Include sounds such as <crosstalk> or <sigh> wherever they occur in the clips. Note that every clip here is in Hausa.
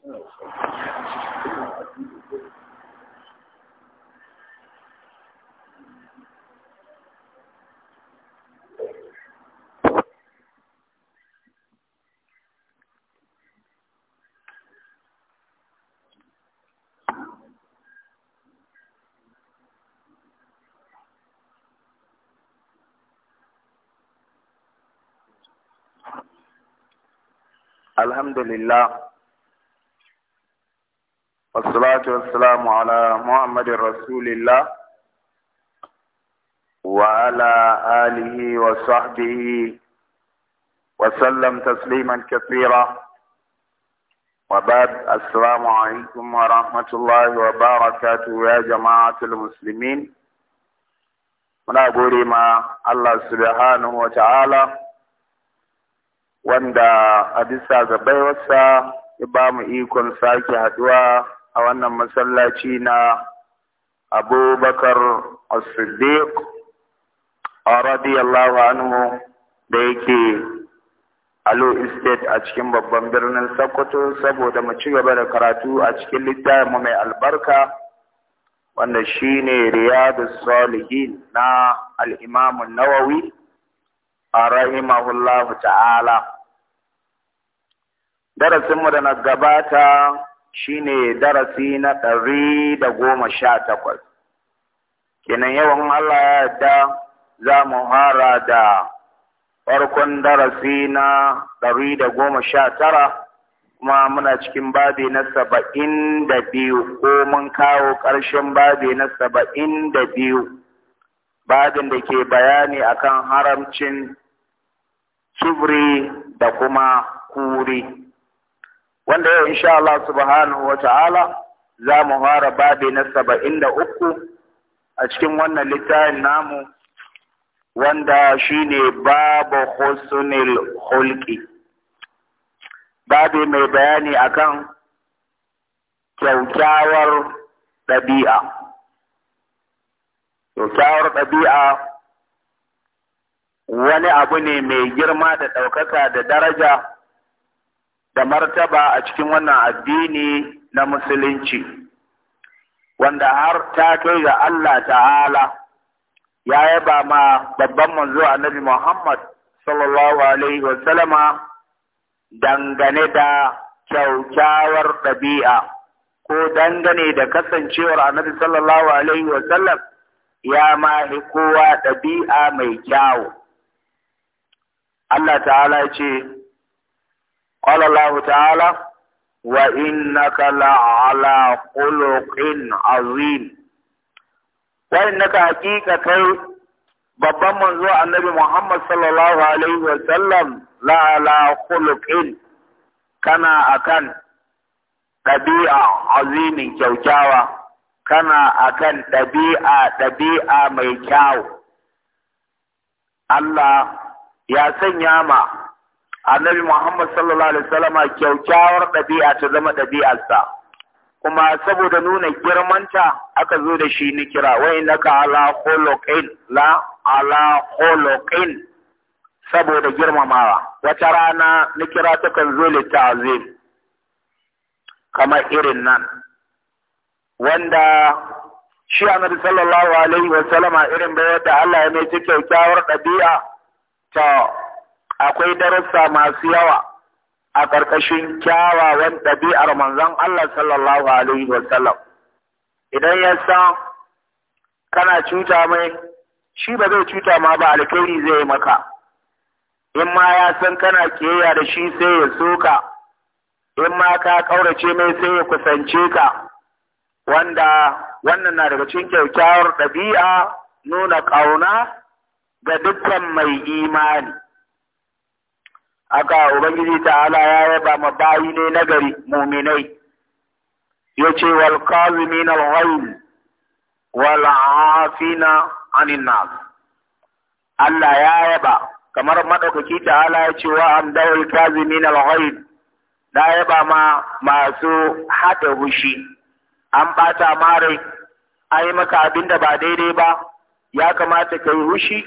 الحمد لله والصلاة والسلام على محمد رسول الله وعلى آله وصحبه وسلم تسليما كثيرا وبعد السلام عليكم ورحمة الله وبركاته يا جماعة المسلمين من أقول ما الله سبحانه وتعالى ta'ala wanda a bisa ga baiwarsa ya ba a wannan masallaci na abubakar as-siddiq radiyallahu anhu da yake alo estate a cikin babban birnin sokoto saboda mu ci gaba da karatu a cikin littafinmu mai albarka wanda shine riyadus salihin na al-imam nawawi rahimahullahu ta'ala darasinmu da na gabata shine darasi na ɗari da goma sha takwas kenan yawan Allah ya yarda za mu hara da farkon darasi na ɗari da goma sha tara kuma muna cikin babi na saba'in da biyu ko mun kawo ƙarshen babi na saba'in da biyu babin da ke bayani akan haramcin kibri da kuma kuri. wanda yau insha Allah subhanahu wa ta'ala za mu fara babi na saba'in da uku a cikin wannan littafin namu wanda shi ne babu husnul hulki babi mai bayani akan kyaukyawar ɗabi'a kyaukyawar ɗabi'a wani abu ne mai girma da ɗaukaka da daraja da martaba a cikin wannan addini na musulunci wanda har ta kai ga Allah ta'ala ya yaba ma babban manzo annabi Muhammad sallallahu alaihi wa sallama dangane da kyaukyawar ɗabi'a ko dangane da kasancewar annabi sallallahu alaihi wa sallam ya mahi kowa ɗabi'a mai kyawu Allah ta'ala ce قال الله تعالى وإنك لعلى خلق عظيم وإنك حقيقة babban manzo annabi Muhammad sallallahu alaihi wa sallam la ala kana akan ɗabi'a azinin kyaukyawa kana akan ɗabi'a ɗabi'a mai kyau Allah ya sanya ma annabi Muhammad sallallahu alaihi wasallama kyaukyawar ɗabi'a ta zama ɗabi'arsa kuma saboda nuna girmanta aka zo da shi ni kira wai ka ala khuluqin la ala khuluqin saboda girmamawa wata rana ni kira ta kan zo da ta'zim kamar irin nan wanda shi annabi sallallahu alaihi wasallama irin bayar da Allah ya mai kyaukyawar ɗabi'a ta akwai darussa masu yawa a ƙarƙashin kyawawan ɗabi'ar manzon Allah sallallahu alaihi wasallam idan ya san kana cuta mai shi ba zai cuta ma ba alkhairi zai yi maka in ma ya san kana keya da shi sai ya ka, in ma ka ƙaurace mai sai ya kusance ka wanda wannan na daga cin kyakkyawar ɗabi'a nuna ƙauna ga dukkan mai imani aka ubangiji ta'ala ya yaba ma bayi ne nagari muminai ce wal qazimin al ghaiz wal afina anin nas Allah ya yaba kamar madaukaki ta'ala ya ce wa an dawal qazimin al da yaba ma masu hada hushi an bata mare ai maka abinda ba daidai ba ya kamata kai hushi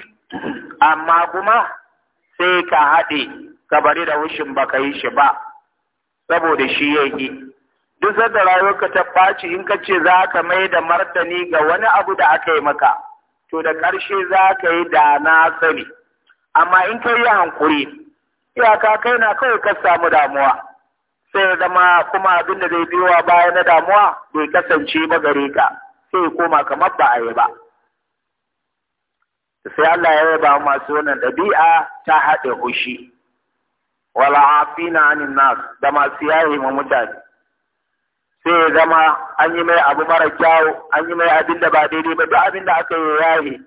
amma kuma sai ka haɗe ka bari da wushin ba ka yi shi ba saboda shi ya yi duk da rayuwarka ta ɓaci in ka ce za ka mai da martani ga wani abu da aka yi maka to da ƙarshe za ka yi da na sani amma in ka yi hankuri iyaka kai na kawai ka samu damuwa sai ya zama kuma abin da zai biyowa baya na damuwa bai kasance ba gare ka sai koma kamar ba a yi ba sai Allah ya yaba masu wannan ɗabi'a ta haɗe hushi wal afina anin nas da masu yayi ma mutane sai ya zama an yi mai abu mara kyau an yi mai abin da ba daidai ba duk abin da aka yi yahi.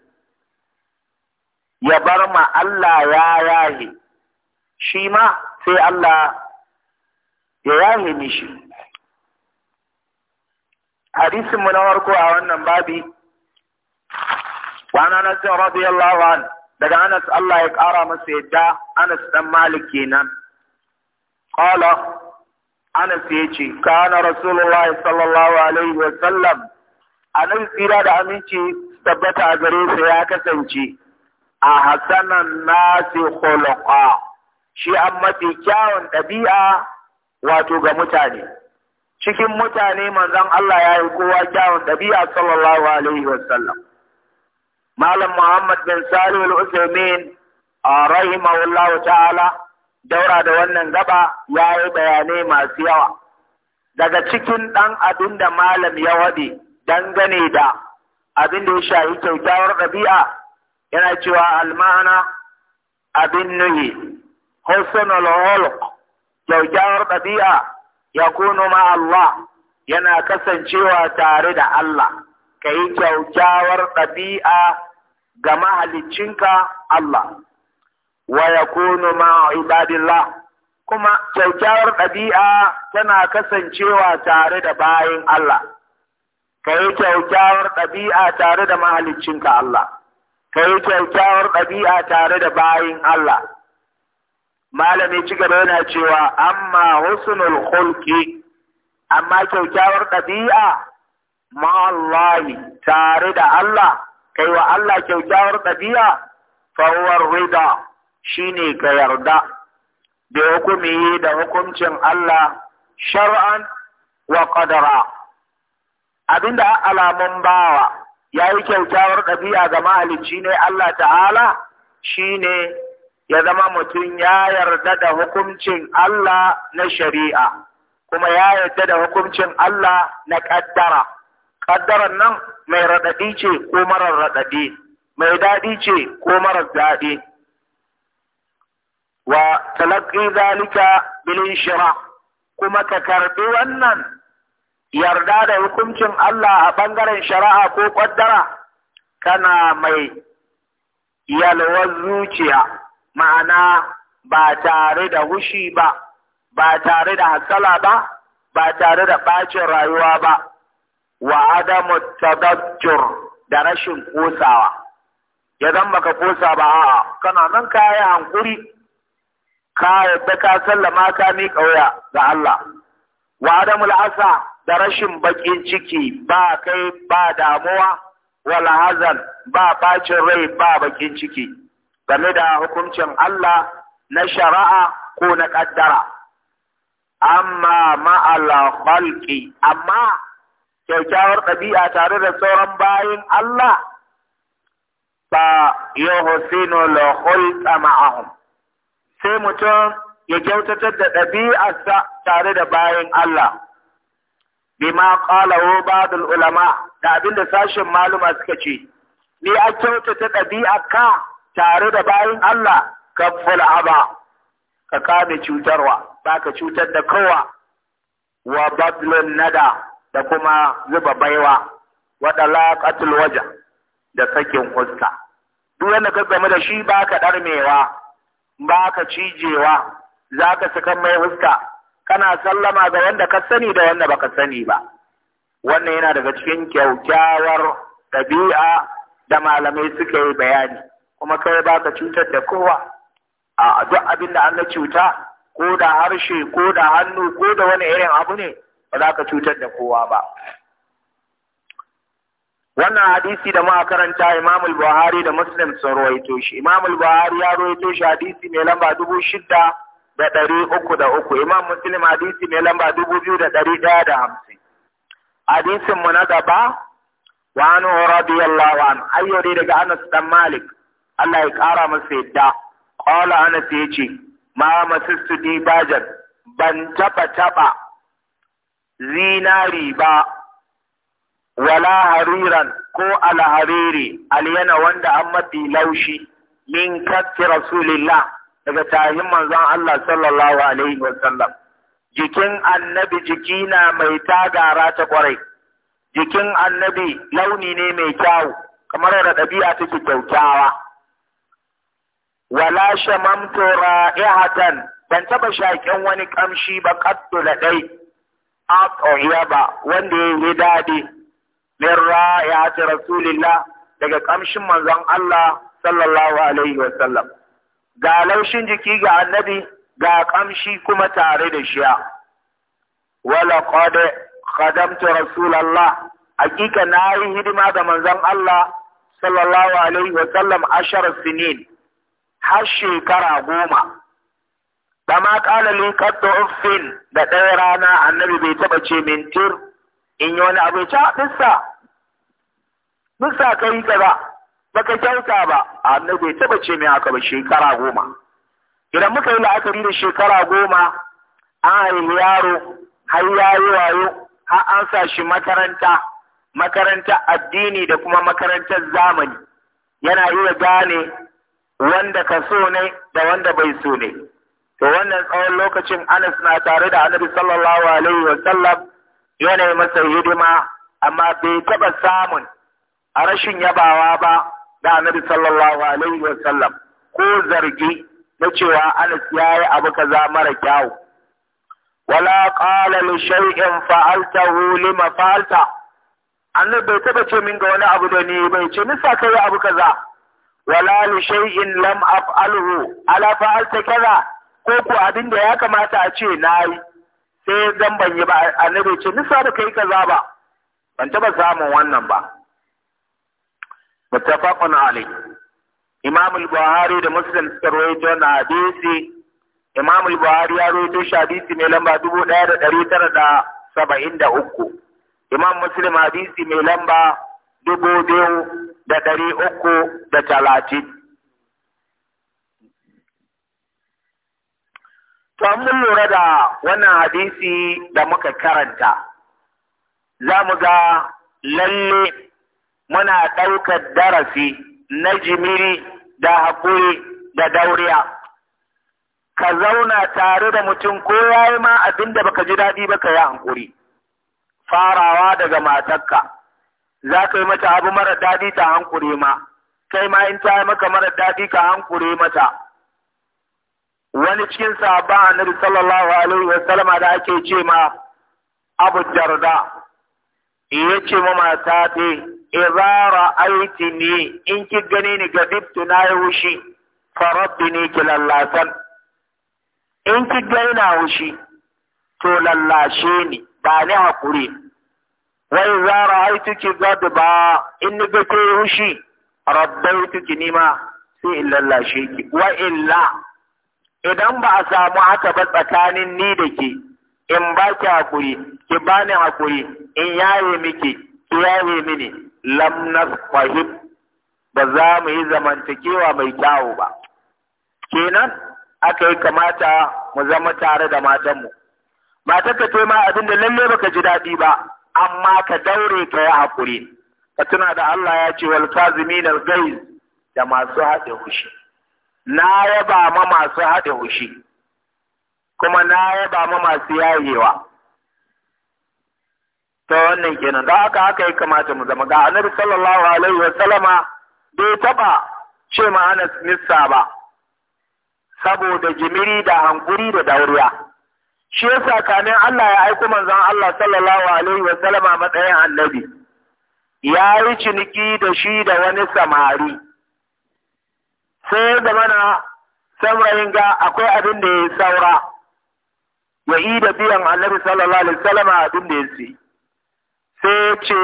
ya bar ma Allah ya yahi. shi ma sai Allah ya yahi mishi hadisin mu na farko a wannan babi wa na رضي radiyallahu anhu daga Anas Allah ya ƙara masa yadda Anas ɗan Malik kenan. Ƙala Anas ya ce, Kana Rasulullah sallallahu Alaihi wasallam, nan tsira da aminci tabbata a gare sa ya kasance, a hasanan nasi khuluqa shi an mafi kyawun ɗabi'a wato ga mutane. Cikin mutane manzon Allah ya yi kowa kyawun ɗabi'a sallallahu Alaihi wasallam. malam muhammad bin salih al-usaimin rahimahullahu ta'ala daura da wannan gaba ya yi bayanai masu yawa daga cikin ɗan abin da malam ya waɗe dangane da abin da ya shahi kyaukyawar ɗabi'a yana cewa almana abin nuhi husnul hulq ɗabi'a ya kunu ma Allah yana kasancewa tare da Allah ka yi kyaukyawar ɗabi'a ga mahalicinka Allah, wa ya kunu ibadillah kuma kyaukyawar ɗabi'a tana kasancewa tare da bayan Allah, ka yi kyaukyawar ɗabi'a tare da mahalicinka Allah, ka yi kyaukyawar ɗabi'a tare da bayan Allah. Malami ci gaba yana cewa, amma husnul hulki, amma kyaukyawar ɗabi'a ma'allahi tare da Allah kai wa Allah kyaukyawar ɗabi'a fawar rida ne ka yarda da hukumi da hukuncin Allah shar'an wa ƙadara abinda alamun bawa ya yi kyaukyawar ɗabi'a ga mahalicci ne Allah ta'ala shi ne ya zama mutum ya yarda da hukuncin Allah na shari'a kuma ya yarda da hukuncin Allah na ƙaddara. kaddaran nan mai raɗaɗi ce ko marar raɗaɗi mai daɗi ce ko marar daɗi wa talaqqi zalika bilin shira kuma ka karɓi wannan yarda da hukuncin Allah a ɓangaren shari'a ko ƙaddara kana mai yalwar zuciya ma'ana ba tare da hushi ba ba tare da hasala ba ba tare da ɓacin rayuwa ba wa adamu tadajjur da rashin kosawa ya zan baka kosa ba a'a kana nan ka yi hankuri ka yadda ka sallama ka mi kauya ga Allah wa adamu al'asa da rashin bakin ciki ba kai ba damuwa wala hazan ba bacin rai ba bakin ciki game da hukuncin Allah na shari'a ko na kaddara amma ma'ala khalqi amma kyaukyawar ɗabi'a tare da sauran bayin Allah ba yuhsinu la khulqa ma'ahum sai mutum ya kyautatar da ɗabi'arsa tare da bayin Allah bima ba ba'dul ulama da abinda sashin maluma suka ce ni a kyautata ɗabi'a ka tare da bayan Allah kaful aba ka kame cutarwa ba ka cutar da kowa wa badlun nada da kuma zuba baiwa waɗa laƙatul waja da sakin huska duk wanda ka game da shi ba ka ɗarmewa ba ka cijewa za ka sakan mai huska kana sallama ga wanda ka sani da wanda baka sani ba wannan yana daga cikin kyaukyawar ɗabi'a da malamai suka yi bayani kuma kai ba ka cutar da kowa a duk abin da an cuta ko da harshe ko da hannu ko da wani irin abu ne ba za ka cutar da kowa ba wannan hadisi da muka karanta imamul buhari da Muslim sun rawaito shi imamul buhari ya rawaito shi hadisi mai lamba dubu shida da ɗari uku da uku Imam Muslim hadisi mai lamba dubu biyu da ɗari ɗaya da hamsin hadisin mu na gaba wa anu radiyallahu an ayyo dai daga Anas dan Malik Allah ya kara masa yadda qala Anas yace ma masistu dibajan ban taba taba zinari ba wala hariran ko alhariri alyana wanda an mafi laushi min katti rasulillah daga tahin manzon Allah sallallahu alaihi wasallam jikin annabi jiki na mai tagara ta kwarai jikin annabi launi ne mai kyau kamar da ɗabi'a take kyautawa. wala shamamtu ra'ihatan ban taba shaƙen wani ƙamshi ba kaddu da dai ba wanda ya yi dadi min ra'ayati rasulillah daga ƙamshin manzon Allah sallallahu alaihi wasallam ga laushin jiki ga annabi ga ƙamshi kuma tare da shi wala qad khadamtu rasulallah hakika na yi hidima da manzon Allah sallallahu alaihi wasallam ashar sinin har shekara goma kama kala li qaddu uffin da ɗaya rana annabi bai taɓa ce min tir in yi wani abu ah, ta bisa bisa yi kaza ka kyauta ba annabi bai taɓa ce min haka ba shekara goma idan muka yi la'akari da shekara goma an haihu yaro har ya yi wayo har an sa shi makaranta makarantar addini da kuma makarantar zamani yana iya gane wanda ka so ne da wanda bai so ne to wannan tsawon lokacin Anas na tare da Annabi sallallahu alaihi wa sallam yana masa hidima amma bai taba samun a rashin yabawa ba da Annabi sallallahu alaihi wa sallam ko zargi na cewa Anas yayi abu kaza mara kyau wala qala li shay'in fa'altahu lima fa'alta Annabi bai taba ce min ga wani abu da ni bai ce nisa kai abu kaza wala li shay'in lam af'alhu ala fa'alta kaza ko ko abin da ya kamata a ce na yi sai dan ban yi ba nare ce nisa da kai kaza ba ban taba samun wannan ba muttafaqun alai imam al-buhari da muslim suka rawaito na hadisi imam al-buhari ya rawaito shi hadisi mai lamba 1973 imam muslim hadisi mai lamba 2330 To mun lura da wannan hadisi da muka karanta, za mu ga lalle muna ɗaukar darasi na jimiri da haƙuri da dauriya. Ka zauna tare da mutum ko ya yi ma abin da baka ji daɗi ba ka yi hankuri. Farawa daga matarka, za ka yi mata abu mara daɗi ta hankuri ma, kai ma in ta yi maka mara daɗi ka hankuri mata. wani cikin sahaba annabi sallallahu alaihi wa sallama da ake ce ma abu darda ya ce ma mata ta izara aiti ne in ki gani ni gadibtu na yi wushi farabbi ne ki lallasan in ki gane na yushi to lallashe ni ba ni hakuri wai zara aiti gadba ba in ni ga yushi wushi rabbai nima sai in lallashe ki wa illa idan ba a samu haka ba tsakanin ni da ke in ba ki haƙuri, ki bani haƙuri, in yaye miki ki yaye mini lam fahim, ba za mu yi zamantakewa mai kyawu ba kenan aka yi kamata mu zama tare da matanmu matar ka ce ma abinda lalle baka ji daɗi ba amma ka daure ka yi haƙuri. ka tuna da Allah ya ce wal kazimin al da masu haɗe hushi na yaba ma masu haɗe hushi kuma na yaba ma masu yayewa ta wannan kenan da aka haka ya kamata mu zama ga annabi sallallahu alaihi wa sallama bai taba ce ma Anas Missa ba saboda jimiri da hankuri da dauriya shi ya kanin Allah ya aiko manzon Allah sallallahu alaihi wa sallama matsayin annabi ya yi ciniki da shi da wani samari sai ya zamana samurayin ga akwai abin da ya saura ya yi da biyan annabi sallallahu alaihi wasallam abin da ya ci sai ya ce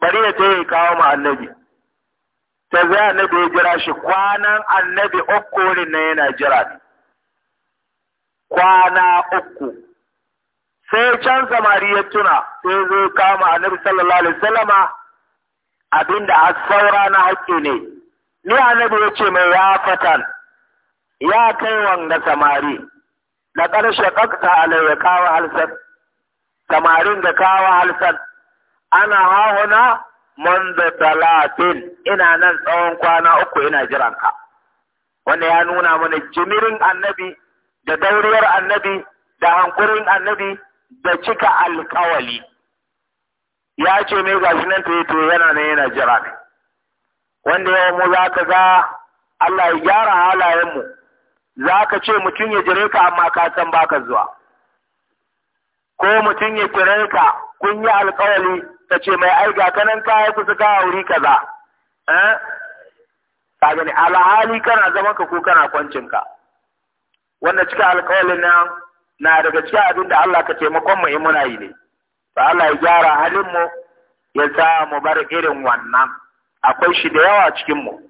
bari ya tayi kawo ma annabi ta zai annabi ya jira shi kwanan annabi uku na yana jira ne kwana uku sai can samari ya tuna sai zai kama annabi sallallahu alaihi wasallama abin da a saura na haƙƙi ne Ni annabi ya ce mai ya fatan, ya kai wanga samari, da ƙarshe ƙaƙta alayya kawo halsar, samarin da kawo halsar, ana hahuna da talatin ina nan tsawon kwana uku ina jiranka. Wanda ya nuna mana jimirin annabi da dauriyar annabi da hankurin annabi da cika alkawali. Ya ce mai gashi nan ta yi to yana nan yana jira ne. wanda yawan mu za ka ga Allah ya gyara halayenmu za ka ce mutum ya jire ka amma ka san baka zuwa ko mutum ya kire ka kun yi alkawali ka ce mai aiga kanan ya kusa ka wuri kaza eh ka gani alhali kana zaman ka ko kana kwancin ka wanda cika alkawalin nan na daga cikin abin da Allah ka taimakon mu in muna yi ne Ba Allah ya gyara halin mu ya sa mu bar irin wannan akwai shi da yawa cikin mu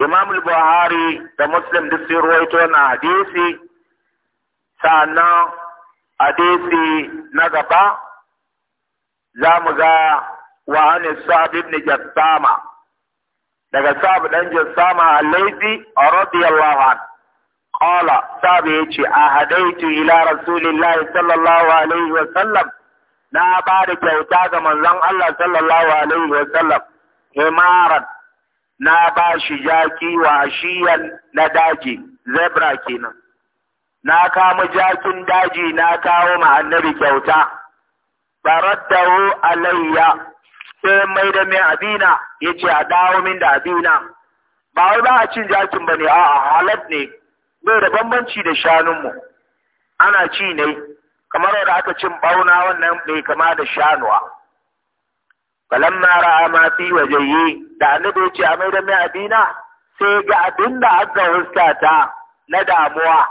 Imam Buhari da Muslim duk sun ruwaito na hadisi sannan hadisi na gaba za mu ga wa an Sa'd ibn Jassama daga Sa'd dan Jassama al radiyallahu an qala Sa'd yace ahadaitu ila rasulillahi sallallahu alaihi wa sallam na ba da kyauta ga manzon Allah sallallahu alaihi wa himaran na ba shi jaki wa shiyan na daji zebra kenan na kama jakin daji na kawo ma annabi kyauta faraddahu alayya sai mai da mai abina yace a dawo min da abina ba wai ba a cin jakin bane a'a halal ne bai da bambanci da shanunmu ana ci ne kamar wanda aka cin bauna wannan bai kama da shanuwa na ra'a ma fi yi da annabi ya ce a mai da mai abina sai ga abin da aka huskata na damuwa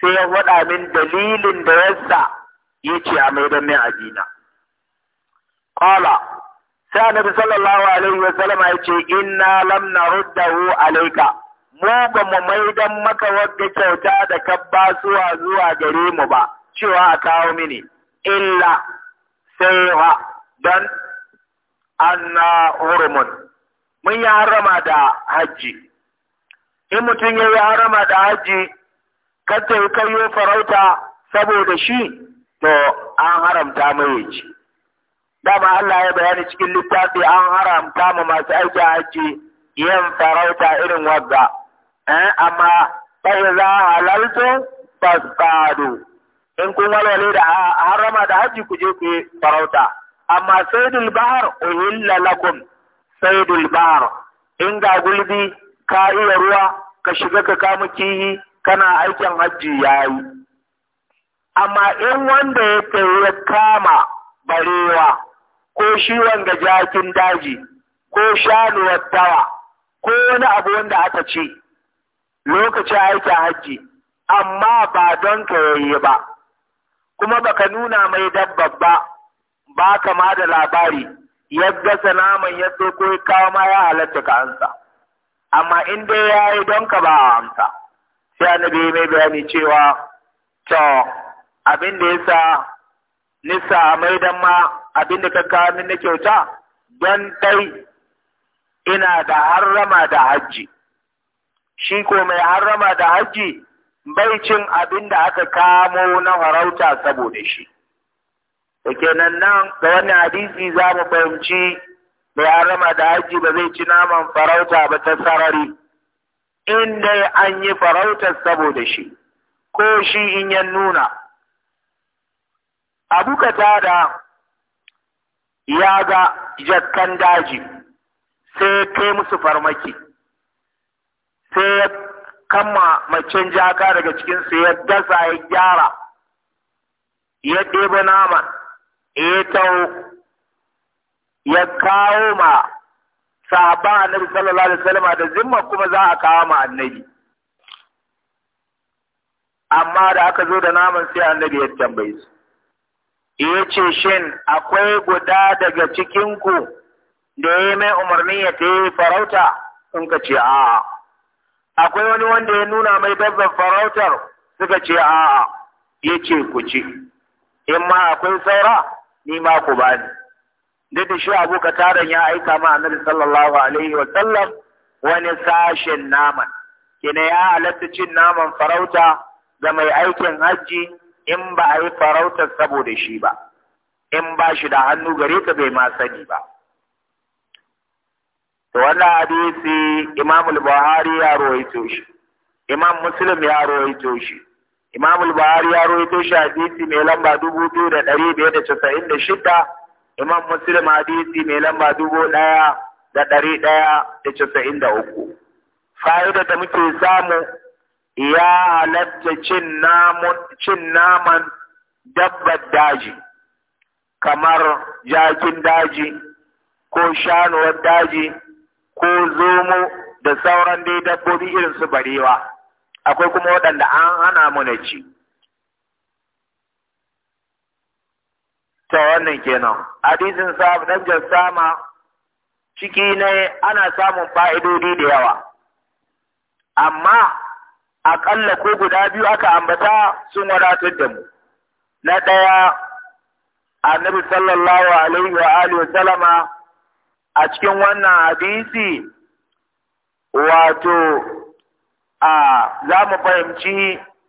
sai ya faɗa min dalilin da yasa ya ce a mai da mai abina kala sai annabi sallallahu alaihi wa ya ce inna lam naruddahu alayka mu ba mu maidan maka wadda kyauta da kabba zuwa zuwa gare mu ba cewa a kawo mini illa sai ha don anna hurumun mun yi harama da hajji in mutum ya yi harama da hajji kanta yi kayo farauta saboda shi to an haramta mai ci dama Allah ya bayani cikin littafi an haramta ma masu aiki hajji yin farauta irin wadda eh, amma bai za halaltu fasfado in kun walwale da harama da haji ku je ku yi farauta amma saidul bahar uhilla lakum saidul bahar in ga gulbi ka iya ruwa ka shiga ka kama kihi kana aikin hajji yayi amma in wanda ya ya kama barewa ko shi wanga jakin daji ko shanuwar tawa ko wani abu wanda aka ce lokacin aikin hajji amma ba don ka yayi ba kuma baka nuna mai dabba ba ba kama da labari yadda sanaman naman ya so ko kawo ma ya halatta ka ansa amma in dai ya yi don ka ba a amsa sai annabi mai bayani cewa to abin da yasa nisa mai dan ma abin da ka kawo min na kyauta don dai ina da harrama da hajji shi ko mai harrama da hajji bai cin abin da aka kamo na farauta saboda shi. Da kenan nan da wani hadisi za mu fahimci mai arama da haji ba zai ci naman farauta ba ta sarari, in dai an yi farauta saboda shi, ko shi in ya nuna. Abu da ya ga jakkan daji sai kai musu farmaki, sai kama macen jaka daga cikinsu ya dasa ya gyara ya ɗebe nama ya tau ya kawo ma sahaba annabi sallallahu alaihi wasallam da zimma kuma za a kawo ma annabi amma da aka zo da naman sai annabi ya tambaye su ya ce shin akwai guda daga cikinku da ya mai umarni ya ta yi farauta sun ka ce a'a akwai wani wanda ya nuna mai dabbar farautar suka ce a'a ya ce ku ci in ma akwai saura ni ma ku bani duk da shi abu ya aika ma annabi sallallahu alaihi wa sallam wani sashen naman kina ya halatta cin naman farauta ga mai aikin hajji in ba a yi farautar saboda shi ba in ba shi da hannu gare ka bai ma sani ba to wannan hadisi Imam al-Buhari ya rawaito shi Imam Muslim ya rawaito shi Imam al-Buhari ya rawaito shi hadisi mai lamba 2596 Imam Muslim hadisi mai lamba 1193 fa'ida da muke samu ya halatta cin namun cin naman dabbar daji kamar jakin daji ko shanuwar daji ko zomo da sauran dai dabbobi irin su barewa akwai kuma waɗanda an hana mu ci ta wannan kenan hadisin sa dan sama, ciki ne ana samun fa'idodi da yawa amma aƙalla ko guda biyu aka ambata sun wadatar da mu na ɗaya annabi sallallahu alaihi wa alihi wa sallama a cikin wannan hadisi wato a za mu fahimci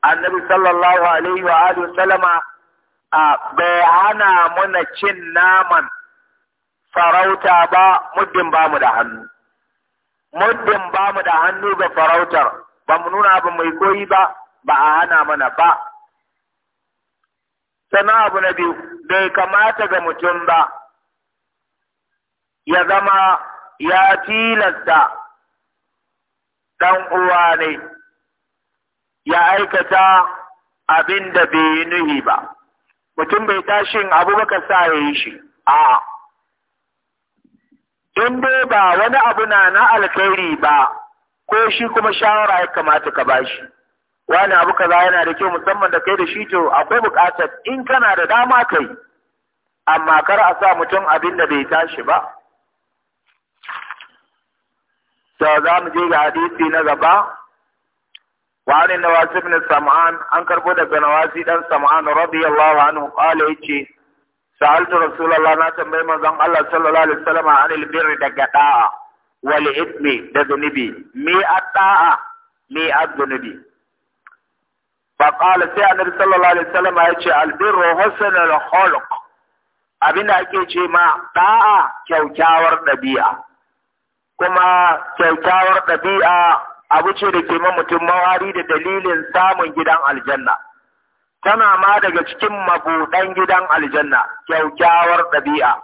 annabi sallallahu alaihi wa alihi sallama a bai hana muna cin naman farauta ba muddin ba mu da hannu muddin ba mu da hannu ga farautar ba mu nuna abu mai koyi ba ba a hana mana ba sannan abu na biyu bai kamata ga mutum ba ya zama ya tilasta ɗan uwa ne ya aikata abin da bai nuhi ba mutum bai tashin abubakar sa ya yi shi a in dai ba wani abu na na alkhairi ba ko shi kuma shawara ya kamata ka bashi wani abu kaza yana da kyau musamman da kai da shi to akwai buƙatar in kana da dama kai amma kar a sa mutum abin da bai tashi ba to za mu je ga hadisi na gaba wa an wasu ibn sam'an an karbo daga wasu dan sam'an radiyallahu anhu ya ce, sa'altu Rasulallah na tambayi manzon Allah sallallahu alaihi wasallam an albirri daga ɗa'a, Wali, ithmi da zunubi me Ɗa'a, me zunubi Ba qala sai annabi sallallahu alaihi wasallam yace albirru husnul khuluq abinda ake ce ma ɗa'a kyaukyawar ɗabi'a. kuma kyaukyawar ɗabi'a abu ce da ke ma mutum mawari da dalilin samun gidan aljanna tana ma daga cikin mabuɗan gidan aljanna kyaukyawar ɗabi'a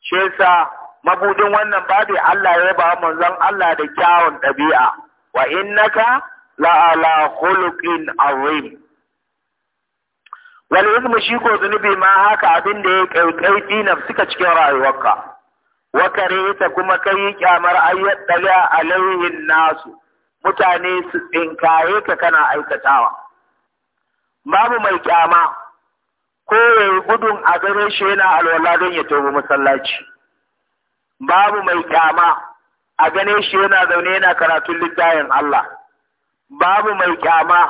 shi yasa mabudin wannan babi Allah ya ba manzon Allah da kyawun ɗabi'a wa innaka la'ala khuluqin azim wal ismu shi ko zunubi ma haka abin da ya kaikai dinaf suka cikin rayuwarka wa ta kuma kai kyamar ayyad a alaihin nasu mutane su tsinkaye ka kana aikatawa babu mai kyama ko gudun a gare shi yana alwala don ya tobi masallaci babu mai kyama a gane shi yana zaune yana karatun littafin Allah babu mai kyama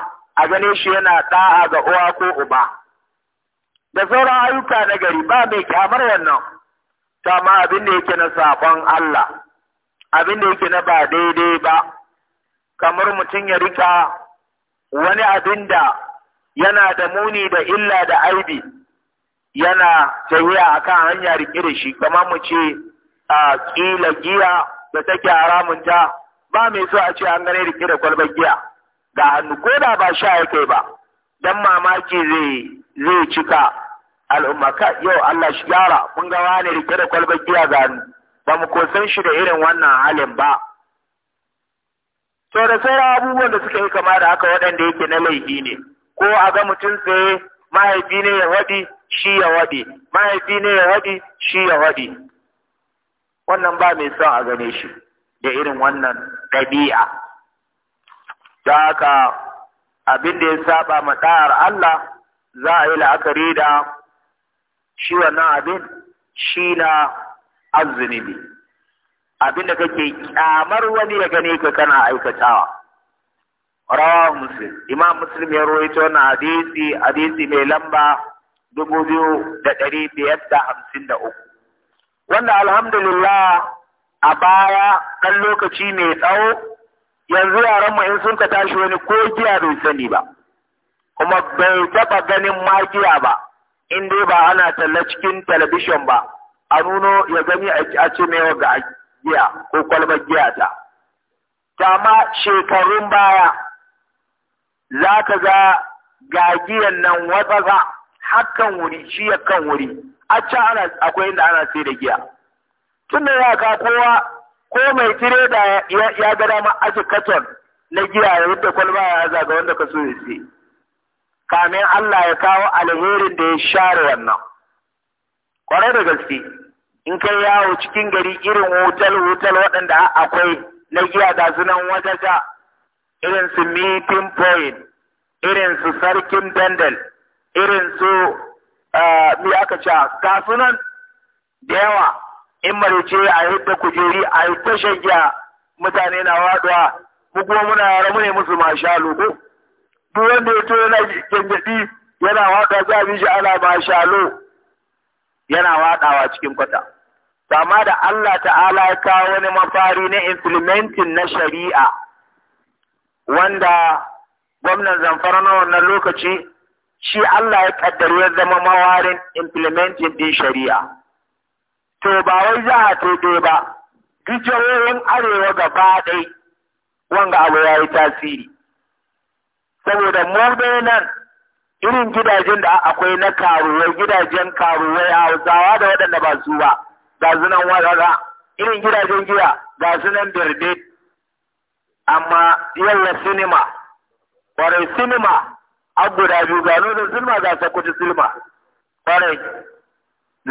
a gane shi yana da'a ga uwa ko uba da sauran ayyuka na gari ba mai kyamar wannan to ma abin da yake na saƙon Allah abin da yake na ba daidai ba kamar mutum ya rika wani abin da yana da muni da illa da aibi yana tafiya kan hanya rike da shi kama mu ce a ƙila giya da take haramun ta ba mai so a ce an gane rike da kwalbar giya ga hannu ko da ba sha ya ba dan mamaki zai cika al'umma ka yau Allah shi gyara kun ga wani rike da kwalbar giya ga ni ba mu kosan shi da irin wannan halin ba to da sauran abubuwan da suka yi kama da haka waɗanda yake na laifi ne ko a ga mutum tsaye mahaifi ne ya waɗi shi ya waɗi mahaifi ne ya waɗi shi ya waɗi wannan ba mai son a gane shi da irin wannan ɗabi'a ta haka abin da ya saba ma ɗa'ar Allah za a yi la'akari da shi wannan abin shi na azzunubi abin da kake kyamar wani ya gane ka kana aikatawa rawa muslim imam muslim ya rawaito wannan hadisi hadisi mai lamba dubu biyu da ɗari biyar da hamsin da uku wanda alhamdulillah a baya ɗan lokaci mai tsawo yanzu yaranmu in sun ka tashi wani ko giya bai sani ba kuma bai taɓa ganin makiya ba in dai ba ana talla cikin talabishin ba a nuno ya gani a ce mai ga giya ko kwalbar giya ta ta shekarun baya za ka ga gagiyan nan za? hakan wuri shi kan wuri a can akwai inda ana sai da giya Tunda da ya ka kowa ko mai tire da ya gada dama aji katon na giya ya yadda kwalba ya zaga wanda ka so ya sai kamin Allah ya kawo alherin da ya share wannan kwarai da gaske in kai yawo cikin gari irin hotel-hotel waɗanda akwai na giya da sunan wajaja irin su meeting point irin su sarkin dandal irin su eh, mi aka ce ga sunan da yawa in marice a yi da kujeri a yi tashar giya mutane na waduwa kuma muna yara mu ne musu masha logo duk wanda ya to yana gyangyaɗi yana waɗa za a shi ana ba shalo yana waɗawa cikin kwata Sama da Allah ta'ala ya kawo wani mafari na implementing na shari'a wanda gwamnan zamfara na wannan lokaci shi Allah ya kaddari ya zama mawarin implementing din shari'a to ba wai za a toɗe ba duk jihohin arewa gaba ɗai wanga abu ya yi tasiri saboda mu dai nan irin gidajen da akwai na karuwai gidajen karuwai hausawa da waɗanda ba su ba ga su nan wadada irin gidajen giya ga su nan birde amma yalla sinima kwarai sinima a guda biyu ga nuna sinima su sakwaci sinima kwarai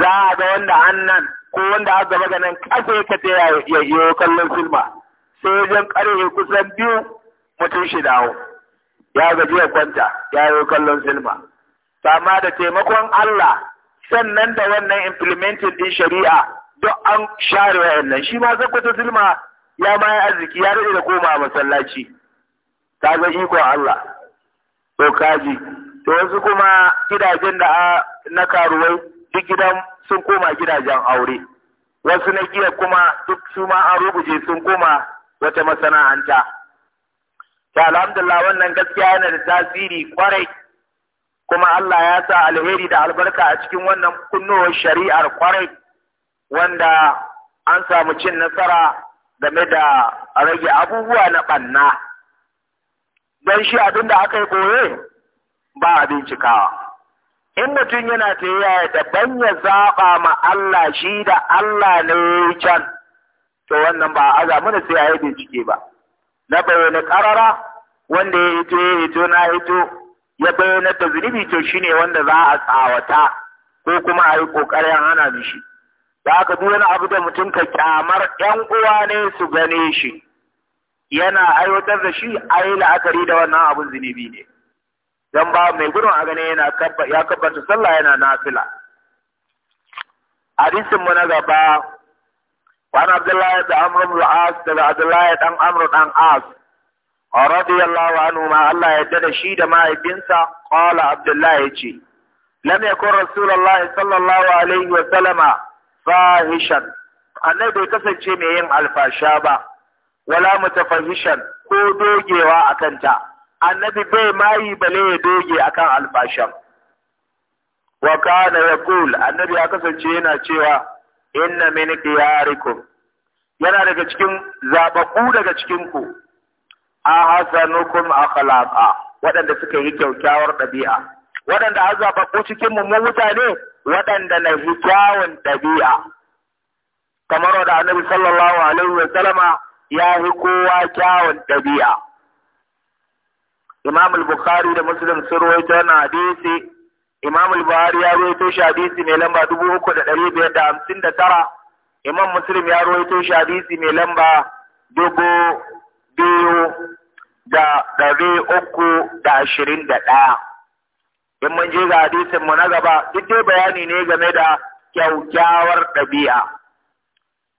za a ga wanda an nan ko wanda an gaba ganin nan kasa kace ya yi kallon sinima sai wajen ƙarfe kusan biyu mutum shi dawo. ya gaji ya kwanta ya yi kallon silma Kama da taimakon Allah sannan da wannan implementing din shari'a duk an share wayannan shi ma kwata silma ya ma arziki ya rage da koma masallaci ta ga ikon Allah to kaji to wasu kuma gidajen da na karuwai duk gidan sun koma gidajen aure wasu na giya kuma duk su ma an rubuce sun koma wata masana'anta ta alhamdulillah wannan gaskiya yana da tasiri kwarai kuma Allah ya sa alheri da albarka a cikin wannan kunnuwar shari'ar kwarai wanda an samu cin nasara game da rage abubuwa na ɓanna don shi abin da aka yi koye ba a bincikawa in mutum yana da daban ya zaɓa ma Allah shi da Allah ne can to wannan ba a aza mana sai a yi bincike ba na bayyana karara wanda ya hito ya hito na hito ya bayyana da zunubi to shine wanda za a tsawata ko kuma a yi ƙoƙarin hana mishi da aka duk wani abu da mutum ka kyamar 'yan uwa ne su gane shi yana aiwatar da shi a yi la'akari da wannan abun zunubi ne don ba mai gudun a gane yana ya kabbata sallah yana nafila hadisin mu na gaba وعن عبد الله بن عمرو بن العاص عبد الله بن عمرو بن عاص رضي الله عنهما الله يدد شي da mahaifinsa qala abdullah yace lam yakun rasulullah sallallahu alaihi wa sallama fahishan annabi bai kasance mai yin alfasha ba wala mutafahishan ko dogewa a kanta. annabi bai mayi bale ya doge akan alfashan wa kana yaqul annabi ya kasance yana cewa inna min diyarikum yana daga cikin zababbu daga cikin ku ahasanukum akhlaqa waɗanda suka yi kyaukyawar ɗabi'a waɗanda an zababbu cikin mu mutane waɗanda na yi kyawun ɗabi'a kamar da annabi sallallahu alaihi wa sallama ya yi kowa kyawun ɗabi'a Imam al-Bukhari da Muslim sun ta wannan hadisi imam buhari ya rawaito shi hadisi mai lamba 3559 imam muslim ya rawaito shi hadisi mai lamba dubu biyu da ɗari uku da ashirin da ɗaya in mun je ga hadisin mu na gaba duk dai bayani ne game da kyaukyawar ɗabi'a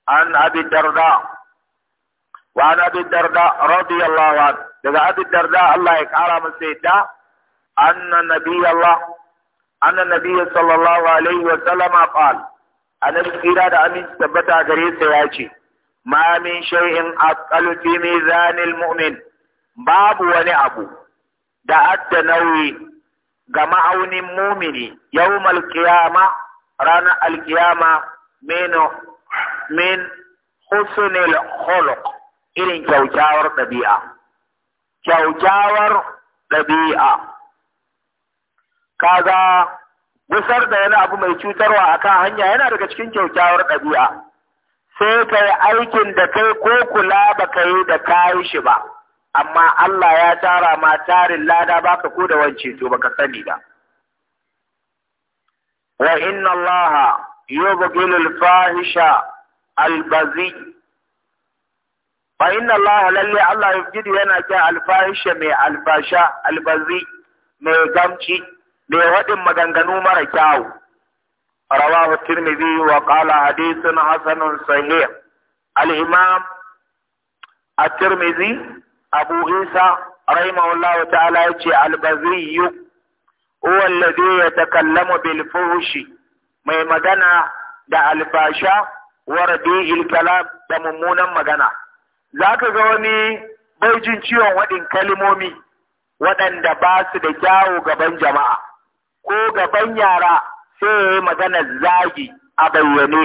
an abi darda wa an abi darda radiyallahu anhu daga abi darda Allah ya kara masa yadda anna nabiyallah anna nabiyyu sallallahu alaihi wa sallama qala annabi kira da amin tabbata gare sa ya ce ma min shay'in aqalu fi mu'min babu wani abu da adda nauyi ga ma'aunin mumini yawmal qiyama ranar alkiyama min husnul khuluq irin kyaukyawar ɗabi'a kyaukyawar ɗabi'a kaga musar da yana abu mai cutarwa akan hanya yana daga cikin kyaukyawar ɗabi'a sai ka yi aikin da kai ko kula ba ka yi da ka yi shi ba amma Allah ya tara ma tarin lada baka ko da wance to baka sani ba wa inna Allah yubghilu al-fahisha al-bazi fa inna Allah lalle Allah yubghidu yana ka al-fahisha mai alfasha al-bazi mai gamci ya waɗin maganganu mara kyawu rawahu tirmidhi wa qala hadithun hasanun sahih al-imam at-tirmidhi abu isa rahimahullahu ta'ala yace al-bazri huwa alladhi yatakallamu bil fuhshi mai magana da alfasha wa rabi'il kalam da mummunan magana zaka ga wani bai jin ciwon waɗin kalmomi waɗanda ba su da kyawu gaban jama'a ko gaban yara sai ya yi maganar zagi a bayyane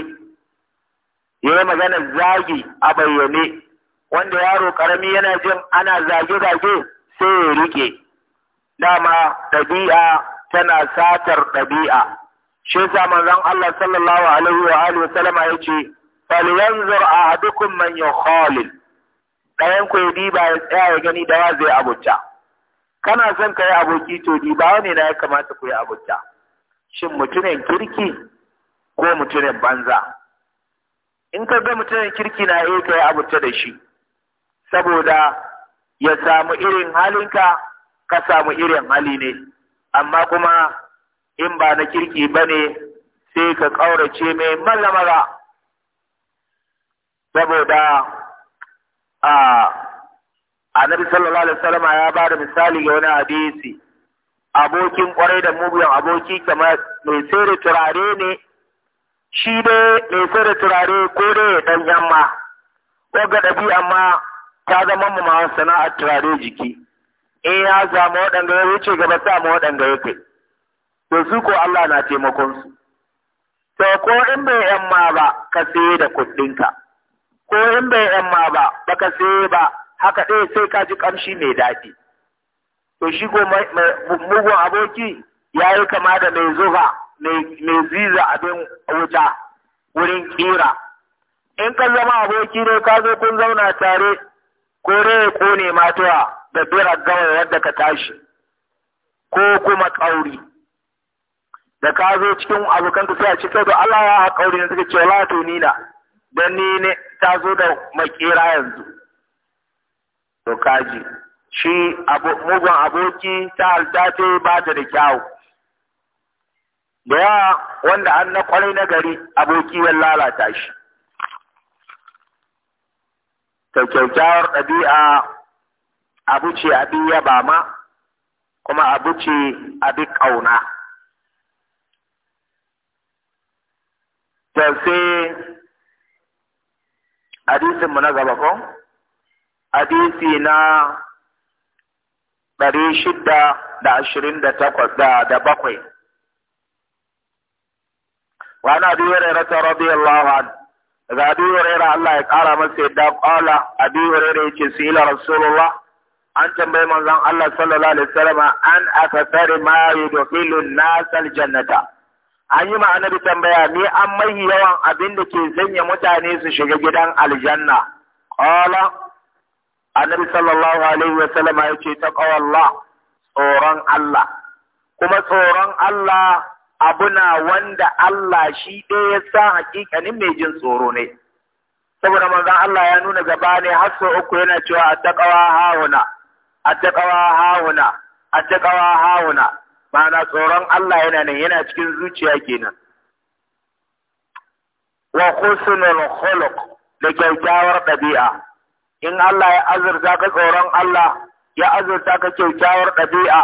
ya yi maganar zagi a bayyane wanda yaro ƙarami yana jin ana zage-zage sai ya rike dama ɗabi'a tana satar ɗabi'a shi yasa manzon Allah sallallahu alaihi wa ya ce, yace falyanzur ahadukum a yukhalil manyan ku diba ya tsaya ya gani da wa zai abuta kana son ka yi aboki to di ba wani na ya kamata ku yi abota shin mutumin kirki ko mutumin banza in ka ga mutumin kirki na yi ka yi abota da shi saboda ya samu irin halinka ka samu irin hali ne amma kuma in ba na kirki ba ne sai ka ƙaurace mai mallamara saboda a ah, annabi sallallahu alaihi wasallam ya ba da misali ga wani hadisi abokin kwarai da mubiyan aboki kamar mai tsere turare ne shi dai mai tsere turare ko dai ya dan yamma ko ga dabi amma ta zama mu ma sana'ar turare jiki in ya samu waɗanda ya wuce gaba sa mu waɗanda ya kai to su ko Allah na taimakon su to ko in bai yamma ba ka sai da kuɗinka ko in bai yamma ba baka sai ba haka ɗaya sai ka ji ƙamshi mai daɗi to shi ko mugun aboki ya yi kama da mai zuba mai ziza abin wuta wurin ƙira in ka zama aboki ne ka zo kun zauna tare ko rai ko ne matuwa da birar gawa yadda ka tashi ko kuma ƙauri da ka zo cikin abokan ka sai a cikin da Allah ya haƙauri ne suka ce wala to nina don ni ne ta zo da makera yanzu to kaji shi mugun aboki ta aldafe ba ta da kyau. da yawa wanda an na kwarai na gari aboki ya lalata shi ta kyaukyawar ɗabi'a abu ce abin yaba ma kuma abu ce abin ƙauna ta sai hadisinmu na gaba ko? hadisi na ɗari shida da ashirin da takwas da bakwai. Wani abi hurera ta rabi Allah daga abi hurera Allah ya ƙara masa yadda ƙwala abi hurera ya ce su yi ila Rasulullah an tambayi manzon Allah sallallahu alaihi wasallam an aka akasari ma yudkhilu nasar jannata an yi ma annabi tambaya ni an mahi yawan abin da ke sanya mutane su shiga gidan aljanna qala annabi sallallahu alaihi wa sallama ya ce taqawallah tsoron Allah kuma tsoron Allah abuna wanda Allah shi ɗaya ya sa hakikanin mai jin tsoro ne saboda manzon Allah ya nuna gaba ne har sau uku yana cewa attaqawa hauna attaqawa hauna attaqawa hauna ma'ana tsoron Allah yana nan yana cikin zuciya kenan wa husnul khuluq da kyakkyawar ɗabi'a in Allah ya azurta ka tsoron Allah ya azurta ka kyaukyawar ɗabi'a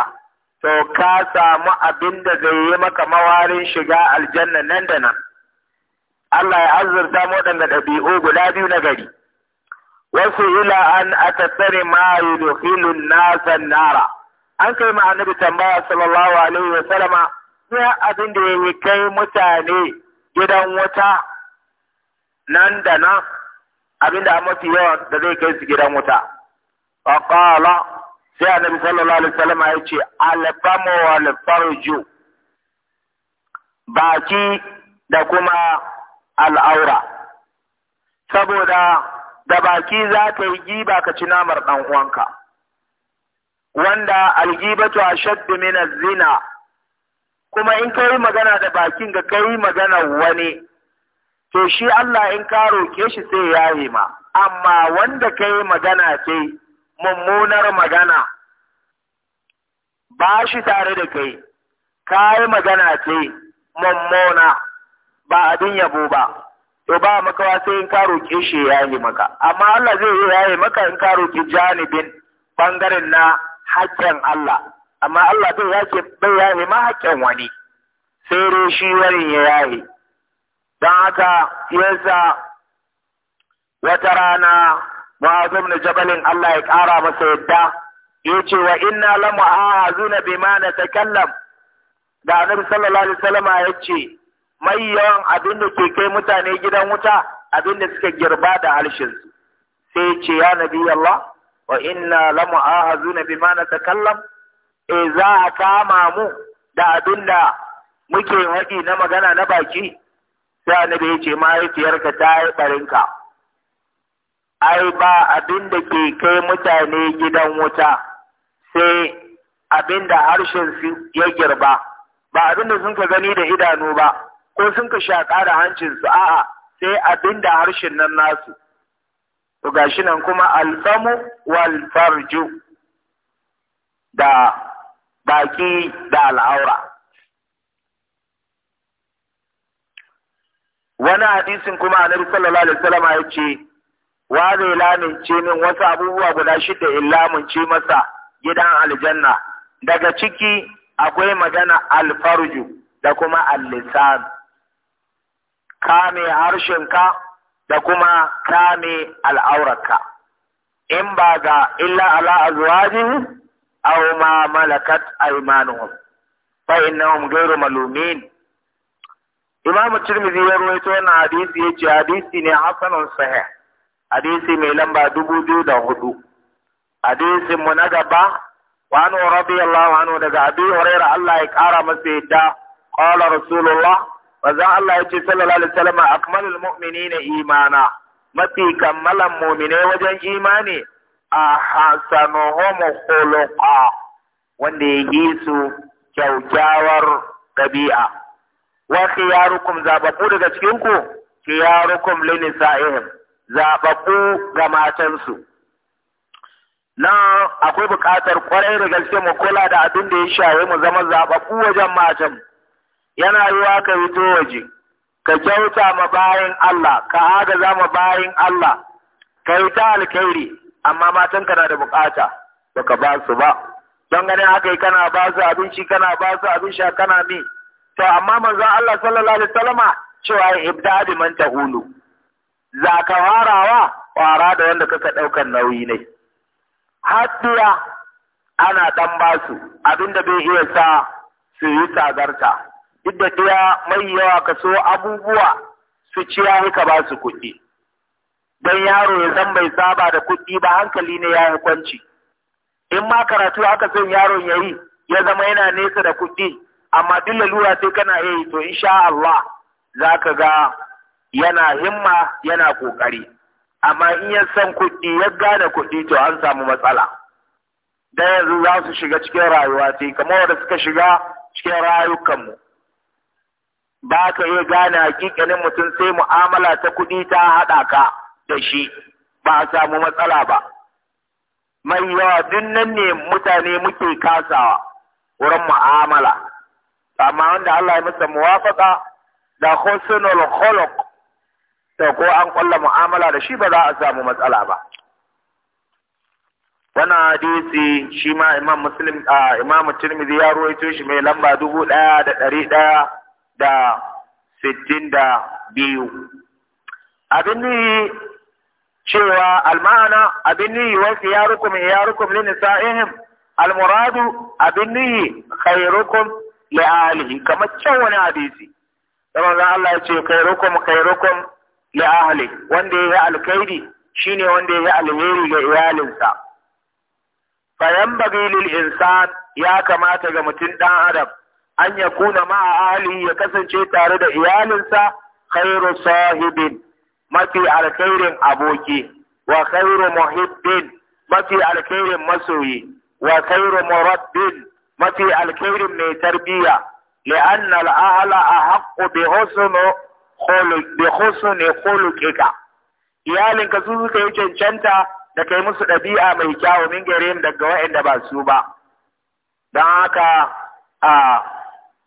to ka samu abin da zai yi maka mawarin shiga aljanna nan da nan Allah ya azurta mu waɗanda ɗabi'u guda biyu na gari wasu ila an atattare ma yudkhilun nasa nara an kai ma annabi tambaya sallallahu alaihi wa sallama ya abin da ya kai mutane gidan wuta nan da nan abinda a mafi yawan da zai kai su gidan wuta faqala sai annabi sallallahu alaihi wasallam ya ce alfamu wal baki da kuma al'aura saboda da baki za ta yi giba ka ci namar ɗan uwanka wanda algibatu a min zina kuma in kai magana da bakin ga kai magana wani to shi Allah in ka roƙe shi sai ya yi ma amma wanda ka yi magana sai mummunar magana ba shi tare da kai ka yi magana sai mummuna ba abin yabo ba to ba makawa sai in ka roƙe shi ya yi maka amma Allah zai yi ya yi maka in ka roƙi janibin bangaren na haƙƙin Allah amma Allah zai yake bai yi ma haƙƙin wani sai dai shi wani ya yahi don haka yansa wata rana ma'azum na jabalin Allah ya ƙara masa yadda ya ce wa inna la mu'azuna bima na takallam da annabi sallallahu alaihi wasallam ya ce mai yawan abin da ke kai mutane gidan wuta abin da suka girba da harshen su sai ce ya nabi Allah wa inna la mu'azuna bima na takallam E, eh, za a kama mu da abin da muke haɗi na magana na baki sai annabi ya ce mahaifiyarka ta yi barinka ai ba abin da ke kai mutane gidan wuta sai abin da harshen su ya girba ba abin da sun ka gani da idanu ba ko sun ka shaƙa da hancinsu a'a sai abin da harshen nan nasu to gashi nan kuma alfamu wal farju da baki da al'aura wani hadisin kuma annabi sallallahu alaihi wasallam ya ce wa zai lamince min wasu abubuwa guda shida in lamince masa gidan aljanna daga ciki akwai magana alfarju da kuma al-lisan kame harshenka da kuma kame al'aurarka in ba ga illa ala azwajin aw ma malakat aymanuhum fa innahum ghayru malumin Imam Tirmidhi ya rawaito wannan hadisi yace hadisi ne hasanun sahih. Hadisi mai lamba dubu biyu da hudu. Hadisin na gaba wa anhu radiyallahu anhu daga Abi Hurairah Allah ya kara masa yadda qala Rasulullah manzon Allah yace sallallahu alaihi wasallam akmalul mu'minina imana mafi kammalan muminai wajen imani a hasanuhum khuluqa wanda ya kyaukyawar ɗabi'a. wa khiyarukum zababbu daga cikin ku khiyarukum li nisa'ihim zababbu ga matansu nan akwai buƙatar kwarai da gaske mu kula da abin da ya shaye mu zama zababu wajen matan yana yiwa ka fito waje ka kyauta ma bayin Allah ka agaza ma bayin Allah ka yi ta alkhairi amma matanka na da bukata baka ba su ba don ganin haka kana ba su abinci kana ba su abin sha kana mi to amma manzon Allah sallallahu alaihi wasallama cewa ibda bi man tahulu za ka farawa fara da wanda kaka ɗaukar nauyi ne hadiya ana ɗan basu abinda bai iya sa su yi tsagarta duk da ɗaya mai yawa ka so abubuwa su ciya ka ba su kuɗi don yaro ya san bai saba da kuɗi ba hankali ne ya yi kwanci in ma karatu aka son yaron ya yi ya zama yana nesa da kuɗi amma duk lalura sai kana yi to insha Allah za ka ga yana himma yana kokari amma in ya san kuɗi ya gane kuɗi to an samu matsala da yanzu za su shiga cikin rayuwa sai kamar wanda suka shiga cikin rayukanmu ba ka iya gane hakikanin mutum sai mu'amala ta kuɗi ta haɗa ka da shi ba a samu matsala ba mai yawa duk nan ne mutane muke kasawa wurin mu'amala amma wanda Allah ya masa muwafaka da husnul khuluq to ko an kulla mu'amala da shi ba za a samu matsala ba wannan hadisi shi ma imam muslim a imam tirmidhi ya ruwaito shi mai lamba dubu ɗaya da ɗari ɗaya da sittin da biyu abin nihi cewa almana abin nihi wasu ya rukum ya rukum lin nisa'ihim almuradu abin nihi khairukum li ahlihi kamar can wani hadisi kamar da Allah ya ce khairukum khairukum li ahli wanda yayi alkhairi shine wanda ya yi alheri ga iyalinsa fa yanbaghi lil insan ya kamata ga mutum dan adam an ya kuna ma ahli ya kasance tare da iyalinsa khairu sahibin mafi alkhairin aboki wa khairu muhibbin mafi alkhairin masoyi wa khairu murabbin mafi alkhairin mai tarbiyya li'anna al'ala ahqqu bi husni khuluq bi husni khuluqika iyalinka su suka yi cancanta da kai musu ɗabi'a mai kyawu min gare daga waɗanda ba su ba Dan haka a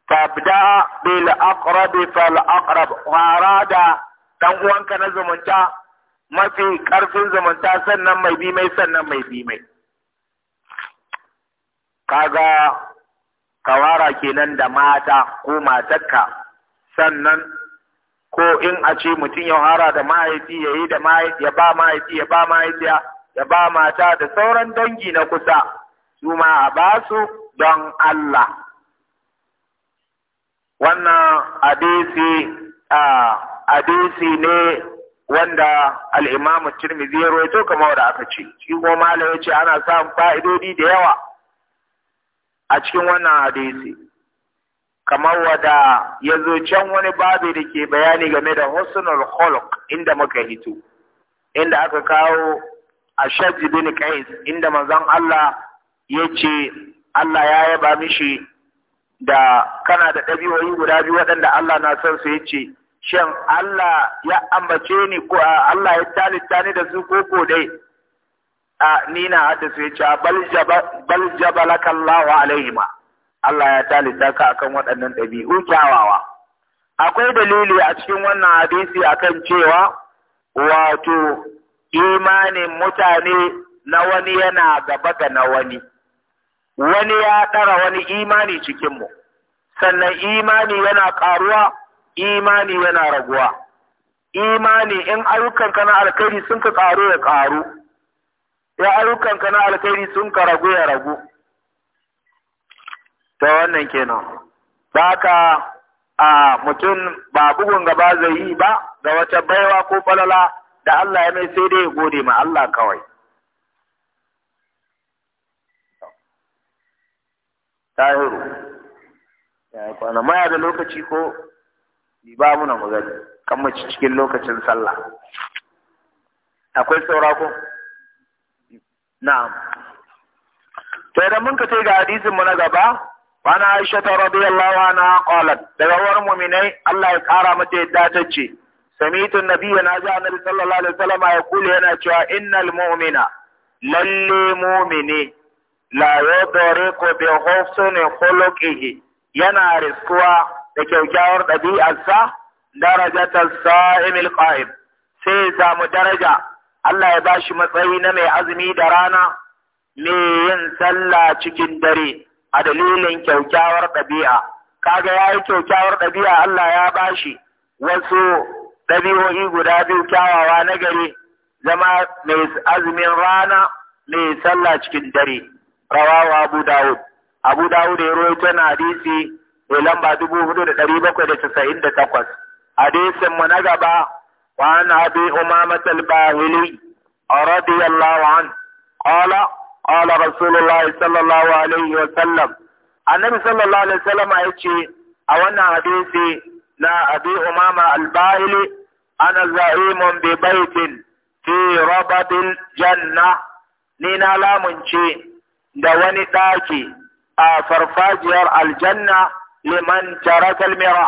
tabda bil aqrabi fal aqrab fara da dan uwanka na zumunta mafi karfin zumunta sannan mai bi mai sannan mai bi mai kaga kawara kenan da mata ko matarka sannan ko in a ce mutum ya hara da mahaifi ya yi da mahaifi, ya ba mahaifi ya ba mahaifiya ya ba mata da sauran dangi na kusa su ma a ba su don Allah wannan a adisi ne wanda al'imamu tirmidhi ya roto kamar da aka ce shi ko ya ce ana samun fa'idodi da yawa a cikin wannan hadisi kamar wada ya zo can wani babu da ke bayani game da husnul khuluq inda muka hito inda aka kawo a bin qais inda manzon Allah ya ce Allah ya yaba mishi da kana da ɗabi'o'i guda biyu waɗanda Allah na son su ya shin Allah ya ambace ni ko Allah ya talitta ni da su ko ko dai a ni na haddace ya ce bal jabalakallahu alaihima Allah ya talita ka akan waɗannan ɗabi'u kyawawa akwai dalili a cikin wannan hadisi akan cewa wato imanin mutane na wani yana gaba da na wani wani ya ɗara wani imani cikinmu sannan imani yana ƙaruwa imani yana raguwa imani in ayyukan kana alkhairi sun ka ƙaru ya ƙaru ya ayyukanka na alkhairi sun karago ragu ya ragu ta wannan kenan da haka a mutum ba bugun gaba zai yi ba ga wata baiwa ko falala da Allah ya mai sai dai ya gode ma Allah kawai tahiru ya yi kwana maya da lokaci ko ba muna magani kan mace cikin lokacin sallah akwai saura ko na'am to idan mun kace ga hadisin mu na gaba wa na Aisha radiyallahu anha qalat daga war mu'minai Allah ya kara mata yadda ta ce sami'tu nabiyya na ji annabi sallallahu alaihi wasallam ya kula yana cewa innal mu'mina lalle mu'mini la yadriku bi husni khuluqihi yana riskuwa da kyaukyawar ɗabi'arsa sa sa'imil qa'im sai ya samu daraja Allah ya bashi matsayi na mai azumi da rana me yin sallah cikin dare a dalilin kyaukyawar ɗabi'a kaga ya yi kyaukyawar ɗabi'a Allah ya bashi wasu ɗabi'o'i guda biyu kyawawa na gari zama mai azumin rana mai sallah cikin dare rawawa abu dawud abu dawud ya rawaito na hadisi mai lamba dubu hudu da ɗari bakwai da casa'in da takwas hadisin mu na gaba وعن أبي أمامة الباهلي رضي الله عنه قال قال رسول الله صلى الله عليه وسلم النبي صلى الله عليه وسلم او انا حديثي لا أبي أمامة الباهلي أنا زعيم ببيت في ربض الجنة نينا لا منشي دواني تاكي فرفاجر الجنة لمن ترك mira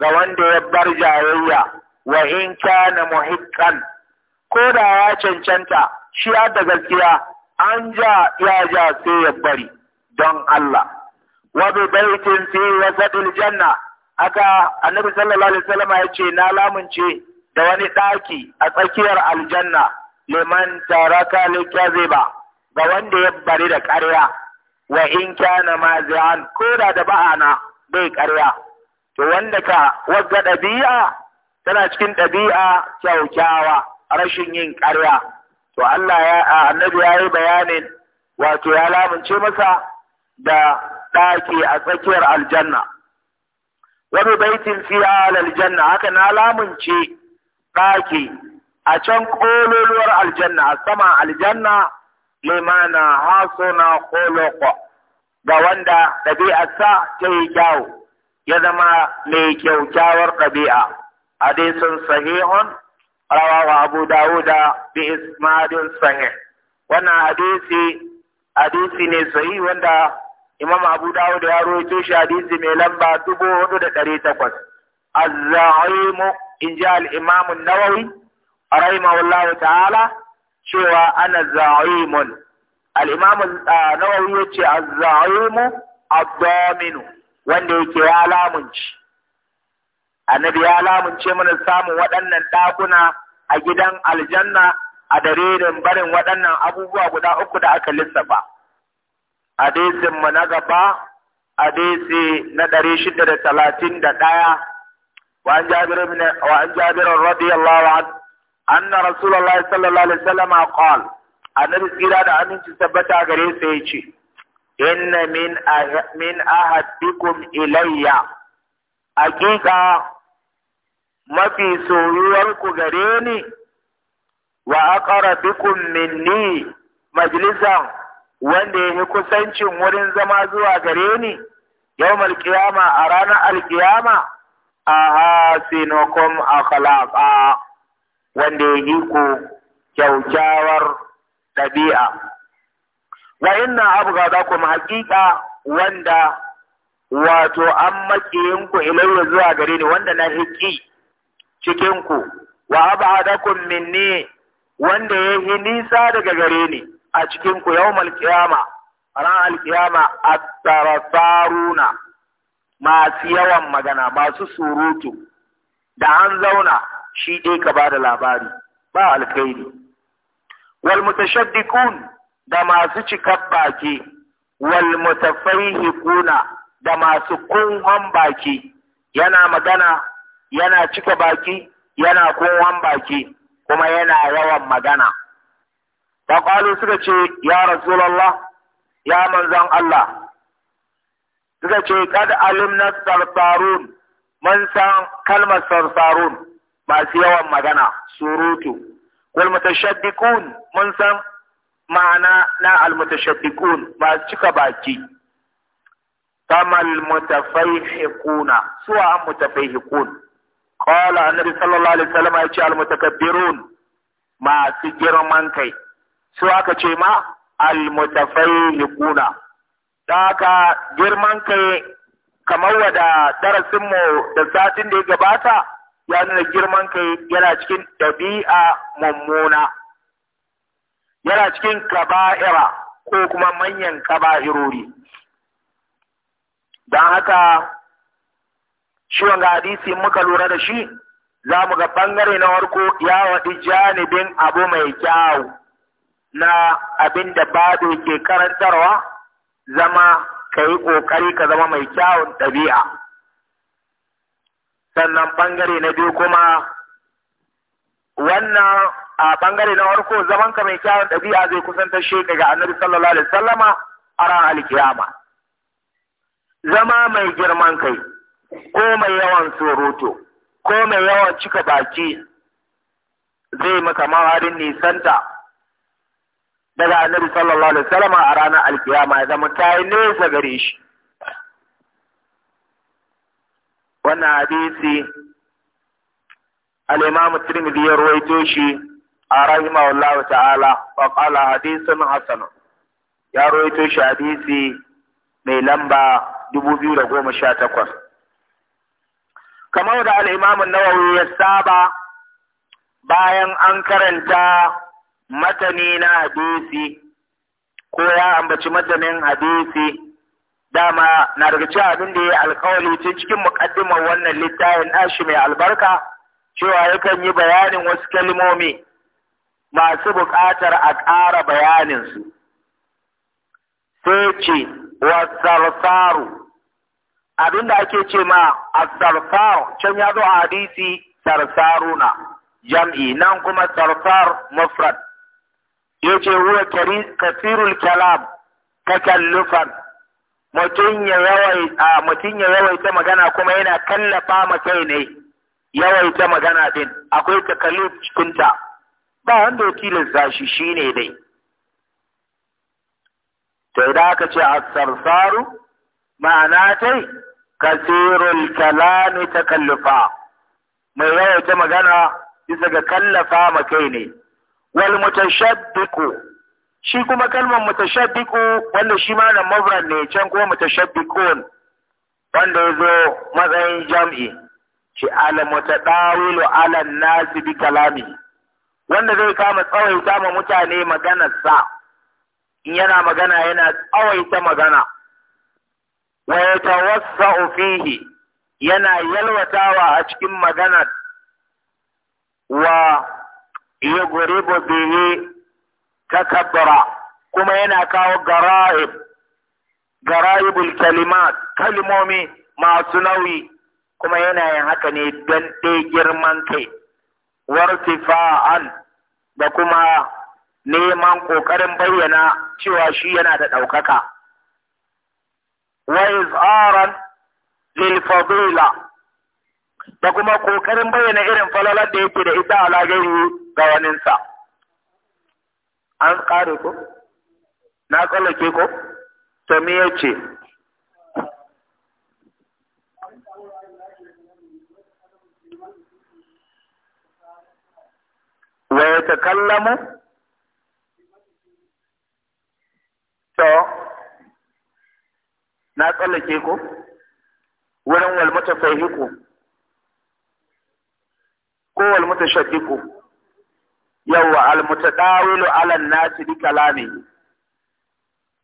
دواني wanda ya wa in kana muhiqqan ko da ya cancanta shi ya da gaskiya an ja ya ja sai ya bari don Allah wa bi baitin fi wasatil janna aka annabi sallallahu alaihi wasallam ya ce na lamunce da wani daki a tsakiyar aljanna liman taraka likaziba ga wanda ya bari da ƙarya wa in kana mazi'an ko da da ba'ana bai ƙarya to wanda ka wagga ɗabi'a tana cikin ɗabi'a kyaukyawa rashin yin ƙarya to Allah ya annabi ya yi bayanin wato ya lamunce masa da ɗaki a tsakiyar aljanna wani baitin fiya aljanna haka na lamunce ɗaki a can kololuwar aljanna a sama aljanna limana hasuna koloko ga wanda ɗabi'arsa ta yi kyau, ya zama mai kyaukyawar ɗabi'a Adesun Sahihun, Rawawa, Abudahuda, BIs Madun Sanya. Wannan Adesi ne sai wanda Imam Abudahudu ya rufe shi a mai lamba dubu hudu da dare takwas. Azzawa yin mu inji al'imamin nawa yi, "Wa ta'ala" cewa ana za'awi mun. Al'imamin nawa yi wacce azzawa wanda yake alamun ci. annabi ya lamunce mana samun waɗannan ɗakuna a gidan aljanna a dalilin barin waɗannan abubuwa guda uku da aka lissafa hadisin mu na gaba hadisi na ɗari shida da talatin da ɗaya wa an jabirin radiyallahu an na Rasulallah sallallahu alaihi wasallam a annabi tsira da aminci tabbata gare sa ce. inna min min ahadikum ilayya aqiqa mafi soyuwarku gare ni wa bikun minni majlisan wanda yake kusancin wurin zama zuwa gare ni yawmal qiyama a ranar alqiyama a akhlaqa wanda yake ku kyaukyawar ɗabi'a wa inna abghadakum haqiqa wanda wato an makiyinku ilayya zuwa gare ni wanda na hikki cikinku wa ab'adakum minni wanda ya yi nisa daga gare ni a cikinku yau malkiyama, ran alkiyama a tarasaruna masu yawan magana masu surutu da an zauna shi dai ka ba da labari ba alkhairi wal mutashaddiqun da masu cikar baki wal mutafaihiquna da masu kunhon baki yana magana yana cika baki yana kowan baki kuma yana yawan magana faƙalu suka ce ya rasulallah ya manzan Allah suka ce kad na sarsarun mun san kalmar sarsarun masu yawan magana surutu wal mutashaddikun mun san ma'ana na al ba masu cika baki kamal mutafaihiquna suwa mutafaihiqun qala annabi sallallahu alaihi wasallam ya ce almutakabbirun masu girman kai su aka ce ma Da haka girman kai kamar wada darasinmu da satin da ya gabata ya nuna girman kai yana cikin ɗabi'a mummuna yana cikin kaba'ira ko kuma manyan kaba'irori don haka shi wanga hadisi muka lura da shi za mu ga ɓangare na warko ya waɗi janibin abu mai kyawu na abin da babu ke karantarwa zama ka yi ƙoƙari ka zama mai kyawun ɗabi'a sannan ɓangare na biyu kuma wannan a ɓangare na warko zaman ka mai kyawun ɗabi'a zai kusanta shi daga annabi sallallahu alaihi wasallama a ran alkiyama zama mai girman kai ko mai yawan surutu ko mai yawan cika baki zai maka mawarin nisanta daga annabi sallallahu alaihi wasallam a ranar alkiyama ya zama ta yi nesa gare shi wannan hadisi al-imam tirmidhi ya rawaito shi a rahimahullah ta'ala wa qala hadithun hasan ya rawaito shi hadisi mai lamba 2018 kamar da al'imamun nawawi ya saba bayan an karanta matani na hadisi ko ya ambaci matanin hadisi dama na daga cikin abin da ya alkawali tun cikin muƙaddimar wannan littafin nashi mai albarka cewa yakan yi bayanin wasu kalmomi masu buƙatar a ƙara bayaninsu sai ce wasu Abin da ake ce ma a sarsar can ya zo a hadisi sarsaruna jam'i nan kuma sarsar mufrad yace huwa kasirul kalam takallufan mutum ya yawai a mutum ya yawaita magana kuma yana kallafa ma kai ne yawaita magana din akwai takalluf cikin ta ba wanda ya tilasta shi shine dai to idan aka ce a sarsaru ma'ana tai kasirul kalami takallufa mai ta magana bisa ga kallafa makai ne wal mutashabbiqu shi kuma kalmar mutashabbiqu wanda shi ma nan mafrad ne can kuma mutashabbiqun wanda yazo matsayin jam'i shi al mutadawilu ala nasi wanda zai kama tsawaita ma mutane maganarsa in yana magana yana tsawaita magana wa yatawassa'u fihi yana yalwatawa a cikin magana wa yugribu bihi takabbara kuma yana kawo gara'ib gara'ibul kalimat kalmomi masu nauyi kuma yana yin haka ne don ɗaya girman kai wartifa'an da kuma neman ƙoƙarin bayyana cewa shi yana da ɗaukaka wa izharan lil da kuma kokarin bayyana irin falalar da yake da ita ala gairi ga waninsa an kare ko na tsallake ko to me yace wa yatakallamu to na tsallake ko wurin wal fahiku ko wal shaddiku yawa al dawilu ala an bi kalami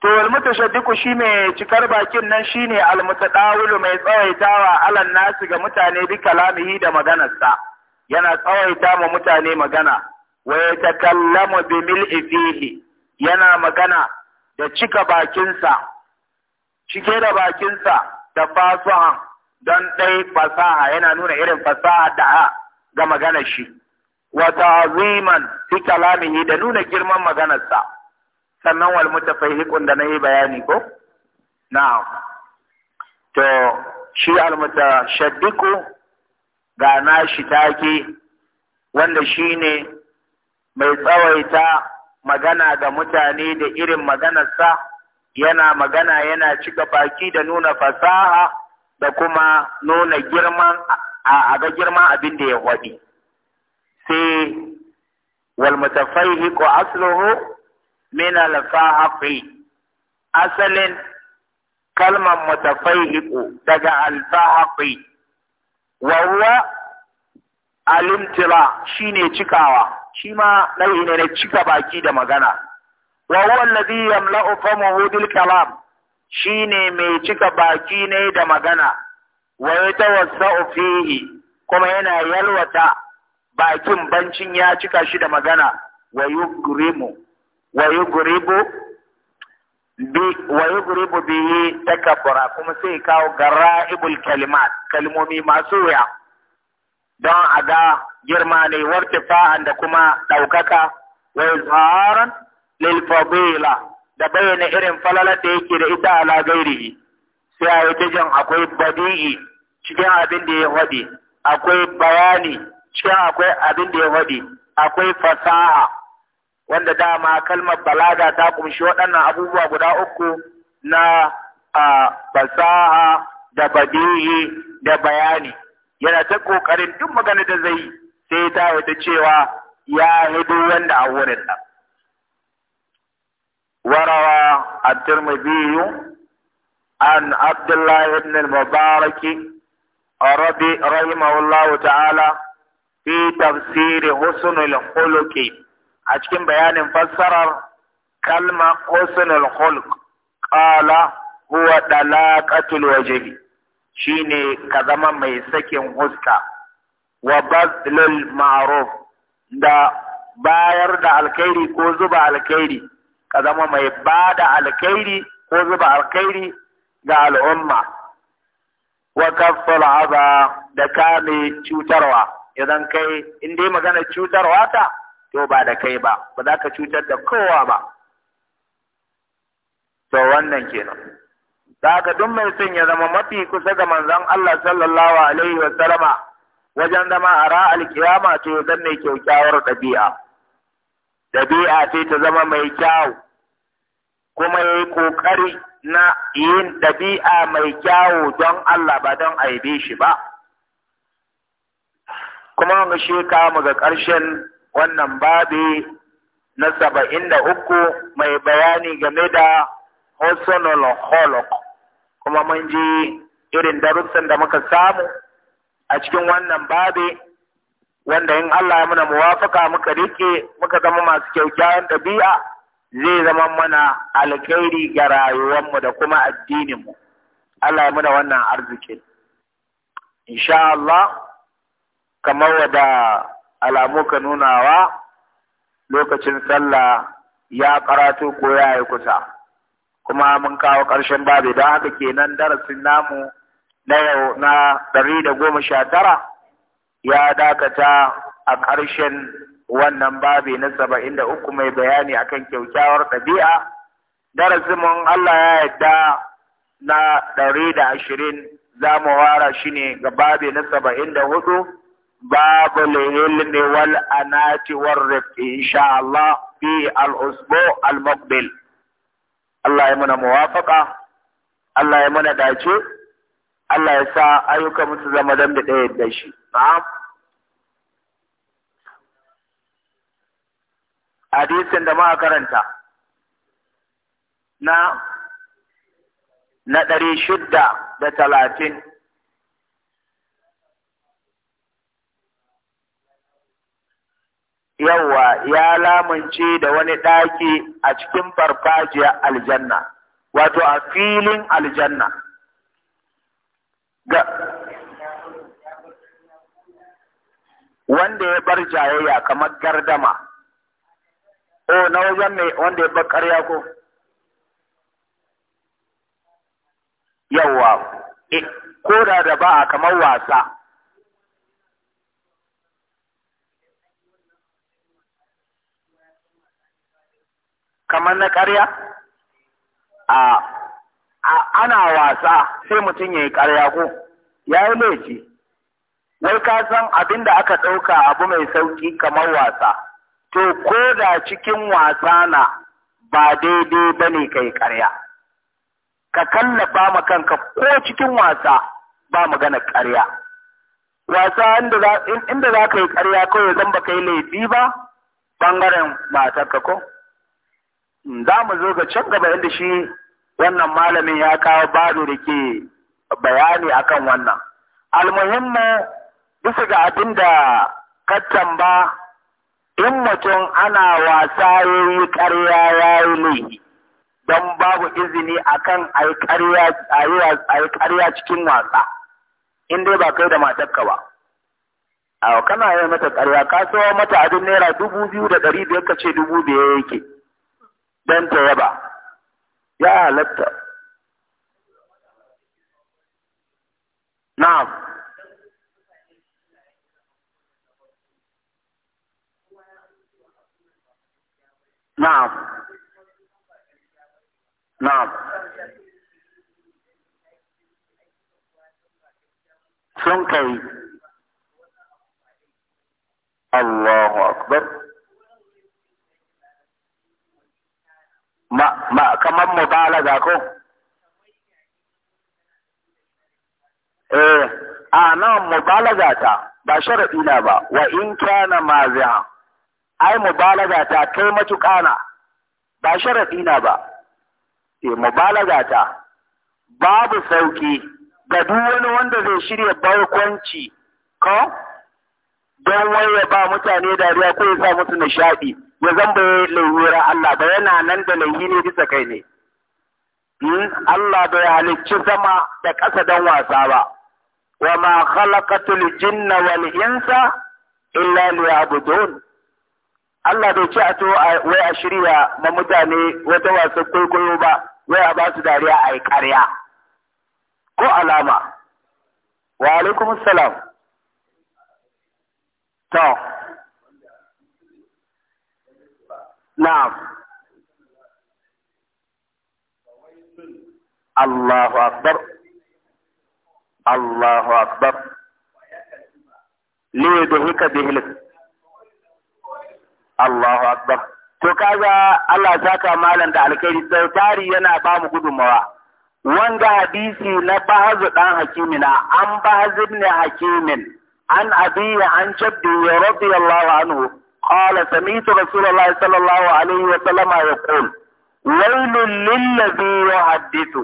to wal shi shine cikar bakin nan shine al dawilu mai tsawaitawa ala an ga mutane bi kalamihi da maganarsa yana tsawaita ma mutane magana wa yatakallamu bi mil'i fihi yana magana da cika bakinsa cike da bakinsa da fasuhan don ɗai fasaha yana nuna irin fasaha da ga magana shi wa ta'ziman fi kalamihi da nuna girman maganarsa sannan wal mutafahiqun da nayi bayani ko na'am to shi al mutashaddiqu ga nashi take wanda shine mai tsawaita magana ga mutane da irin maganarsa yana magana yana cika baki da nuna fasaha da kuma nuna girman a ga girman abin da ya waɗi sai wal mutafaihiqu asluhu min al asalin kalmar mutafaihiqu daga alfahafi fahaqi wa ruwa shine cikawa shi ma nau'i ne na cika baki da magana wa huwa alladhi yamla'u famahu bil kalam shine mai cika baki ne da magana wa yatawassa'u fihi kuma yana yalwata bakin bancin ya cika shi da magana wa yugrimu wa yugribu bi wa yugribu bihi takabbura kuma sai kawo garaibul kalimat kalmomi masu wuya don a ga girma ne wartifa'an da kuma ɗaukaka wa izharan lil fadila da bayyana irin falalar da yake da ita ala gairihi sai a yake jin akwai badi'i cikin abin da ya faɗi akwai bayani cikin akwai abin da ya faɗi akwai fasaha wanda dama kalmar balaga ta kumshi waɗannan abubuwa guda uku na fasaha da badi'i da bayani yana ta ƙoƙarin duk magana da zai sai ta wata cewa ya hidu wanda a wurin nan وروى الترمذي عن عبد الله بن المبارك رضي رحمه الله تعالى في تفسير حسن الخلق أتكلم بيان فسر كلمة حسن الخلق قال هو دلاقة الوجه shine ka zama mai sakin huska wa bazlul ma'ruf da bayar da alkhairi ko zuba alkhairi ka zama mai ba da alkhairi ko zuba alkhairi ga al'umma wa kaffal aza da kame cutarwa idan kai in dai magana cutarwa ta to ba da kai ba ba za ka cutar da kowa ba to wannan kenan Za ka duk mai son ya zama mafi kusa ga manzon Allah sallallahu alaihi wa sallama wajen zama a ra'al kiyama to zan mai kyaukyawar ɗabi'a. ɗabi'a ce ta zama mai kyau kuma ya yi ƙoƙari na yin ɗabi'a mai kyawu don Allah ba don aibe shi ba. Kuma mu sheka mu ga ƙarshen wannan babi na saba'in da uku mai bayani game da Hosonol Holok, kuma mun ji irin darussan da muka samu a cikin wannan babi. wanda in Allah ya muna muwafaka muka rike muka zama masu kyaukyawan ɗabi'a zai zama mana alkhairi ga rayuwar mu da kuma addininmu Allah ya muna wannan arziki insha Allah kamar wada alamu ka nunawa lokacin sallah ya karatu ko ya yi kusa kuma mun kawo ƙarshen babu don haka kenan darasin namu na yau na ɗari da goma sha tara ya dakata a ƙarshen wannan babi na saba'in da uku mai bayani akan kyaukyawar ɗabi'a darasin Allah ya yadda na ɗari da ashirin za mu wara shi ne ga babi na saba'in da hudu babu ne wal anati war rifi insha Allah fi al-usbu al Allah ya muna muwafaqa Allah ya muna dace Allah ya sa ayyukan musu zama dan da ɗaya da shi hadisin da ma karanta na na ɗari shidda da talatin yawa ya lamunce da wani ɗaki a cikin farfajiyar aljanna wato a filin aljanna ga wanda ya bar jayayya kamar gardama o na wajen mai wanda ya bar ƙarya ko yawwa e, ko da da ba a kamar wasa kamar na ƙarya a ana wasa sai mutum ya yi ƙarya ko ya yi laifi wai ka san abin da aka ɗauka abu mai sauƙi kamar wasa to ko da cikin wasa na ba daidai ba ne ka yi ƙarya ka ba ma kanka ko cikin wasa ba magana ƙarya wasa inda za ka yi ƙarya kawai zan ba ka yi laifi ba ɓangaren matarka ko za mu zo ga can gaba inda shi wannan malamin ya kawo babu da ke bayani akan wannan almuhimmu bisa ga abin da ka tamba in mutum ana wasa karya ƙarya yi laifi don babu izini akan a yi ƙarya cikin wasa in dai ba kai da matarka ba a kana yi mata ƙarya ka mata abin naira dubu biyu da ɗari biyar ka ce dubu biyar yake don ta yaba ya halatta na'am na'am na'am sun kai Allahu akbar ma ma kamar mubalaga ko eh a nan mubalaga ta ba sharadi na ba wa in kana maziha ai mubalaga ta kai matuƙa na ba sharadi na ba eh mubalaga ta babu sauki ga duk wani wanda zai shirya barkwanci ko don wai ya ba mutane dariya ko ya sa musu nishaɗi ya zan bai laihira Allah ba yana nan da laihi ne bisa kai ne. Hmm? Allah bai halicci sama da ƙasa don wasa ba. Wa ma khalaqatul jinna wal insa illa liya'budun. Allah bai ci a to wai a shirya ma mutane wata wasan kwaikwayo ba wai a ba su dariya a yi ƙarya. Ko alama. Wa alaikum salam. to na'am Allahu akbar Allahu akbar li yudhika bihi Allahu akbar to kaza Allah ya saka malam da alkhairi sau tari yana ba mu gudunmawa wanda hadisi na bahazu dan hakimina an bahazu ne hakimin عن أبي عن جدي رضي الله عنه قال سمعت رسول الله صلى الله عليه وسلم يقول ويل للذي يحدث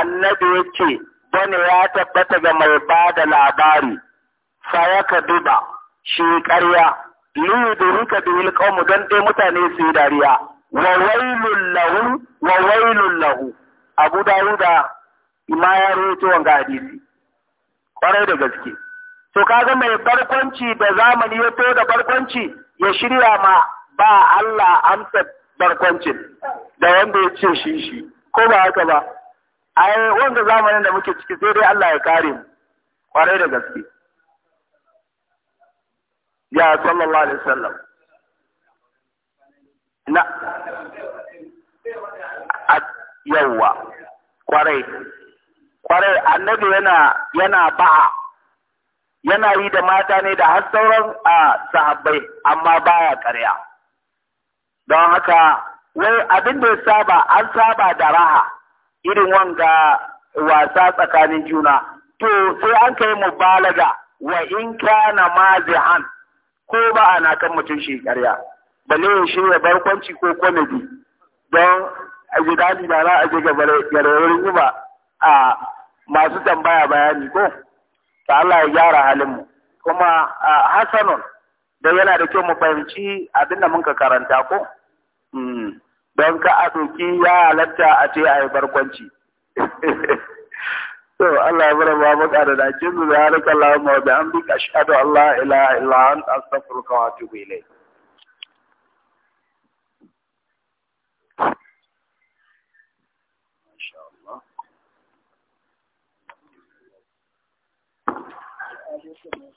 النبي يكي don ya tabbata ga mai ba da labari fa ya ka duba shi ƙarya don dai mutane su yi dariya wa wailul lahu wa wailul abu dawuda ma ya rawaito wanga hadisi kwarai da gaske to kaga mai barkwanci da zamani ya to da barkwanci ya shirya ma ba Allah amsa barkwancin da wanda ya ce shi shi ko ba haka ba ai wanda zamanin da muke ciki sai dai Allah ya kare mu kwarai da gaske ya sallallahu alaihi wasallam na yawwa kwarai kwarai annabi yana yana ba'a yana yi da mata ne da har sauran a sahabbai amma baya karya. don haka wai abin da ya saba an saba da raha irin wanga wasa tsakanin juna to sai an kai mu mubalaga wa in kana mazihan ko ba ana kan mutum shi ƙarya balle ya shirya barkwanci ko komedi don a gidani da za a je ga yi ba a masu tambaya bayani ko to Allah ya gyara halin mu kuma hasanun da yana da kyau mu fahimci abin da muka karanta ko hmm, don ka a doki ya halatta a ce a yi barkwanci <laughs> to Allah ya bar ba mu da dakin zuwa harkar ma bi an bi ka an ila wa Thank you.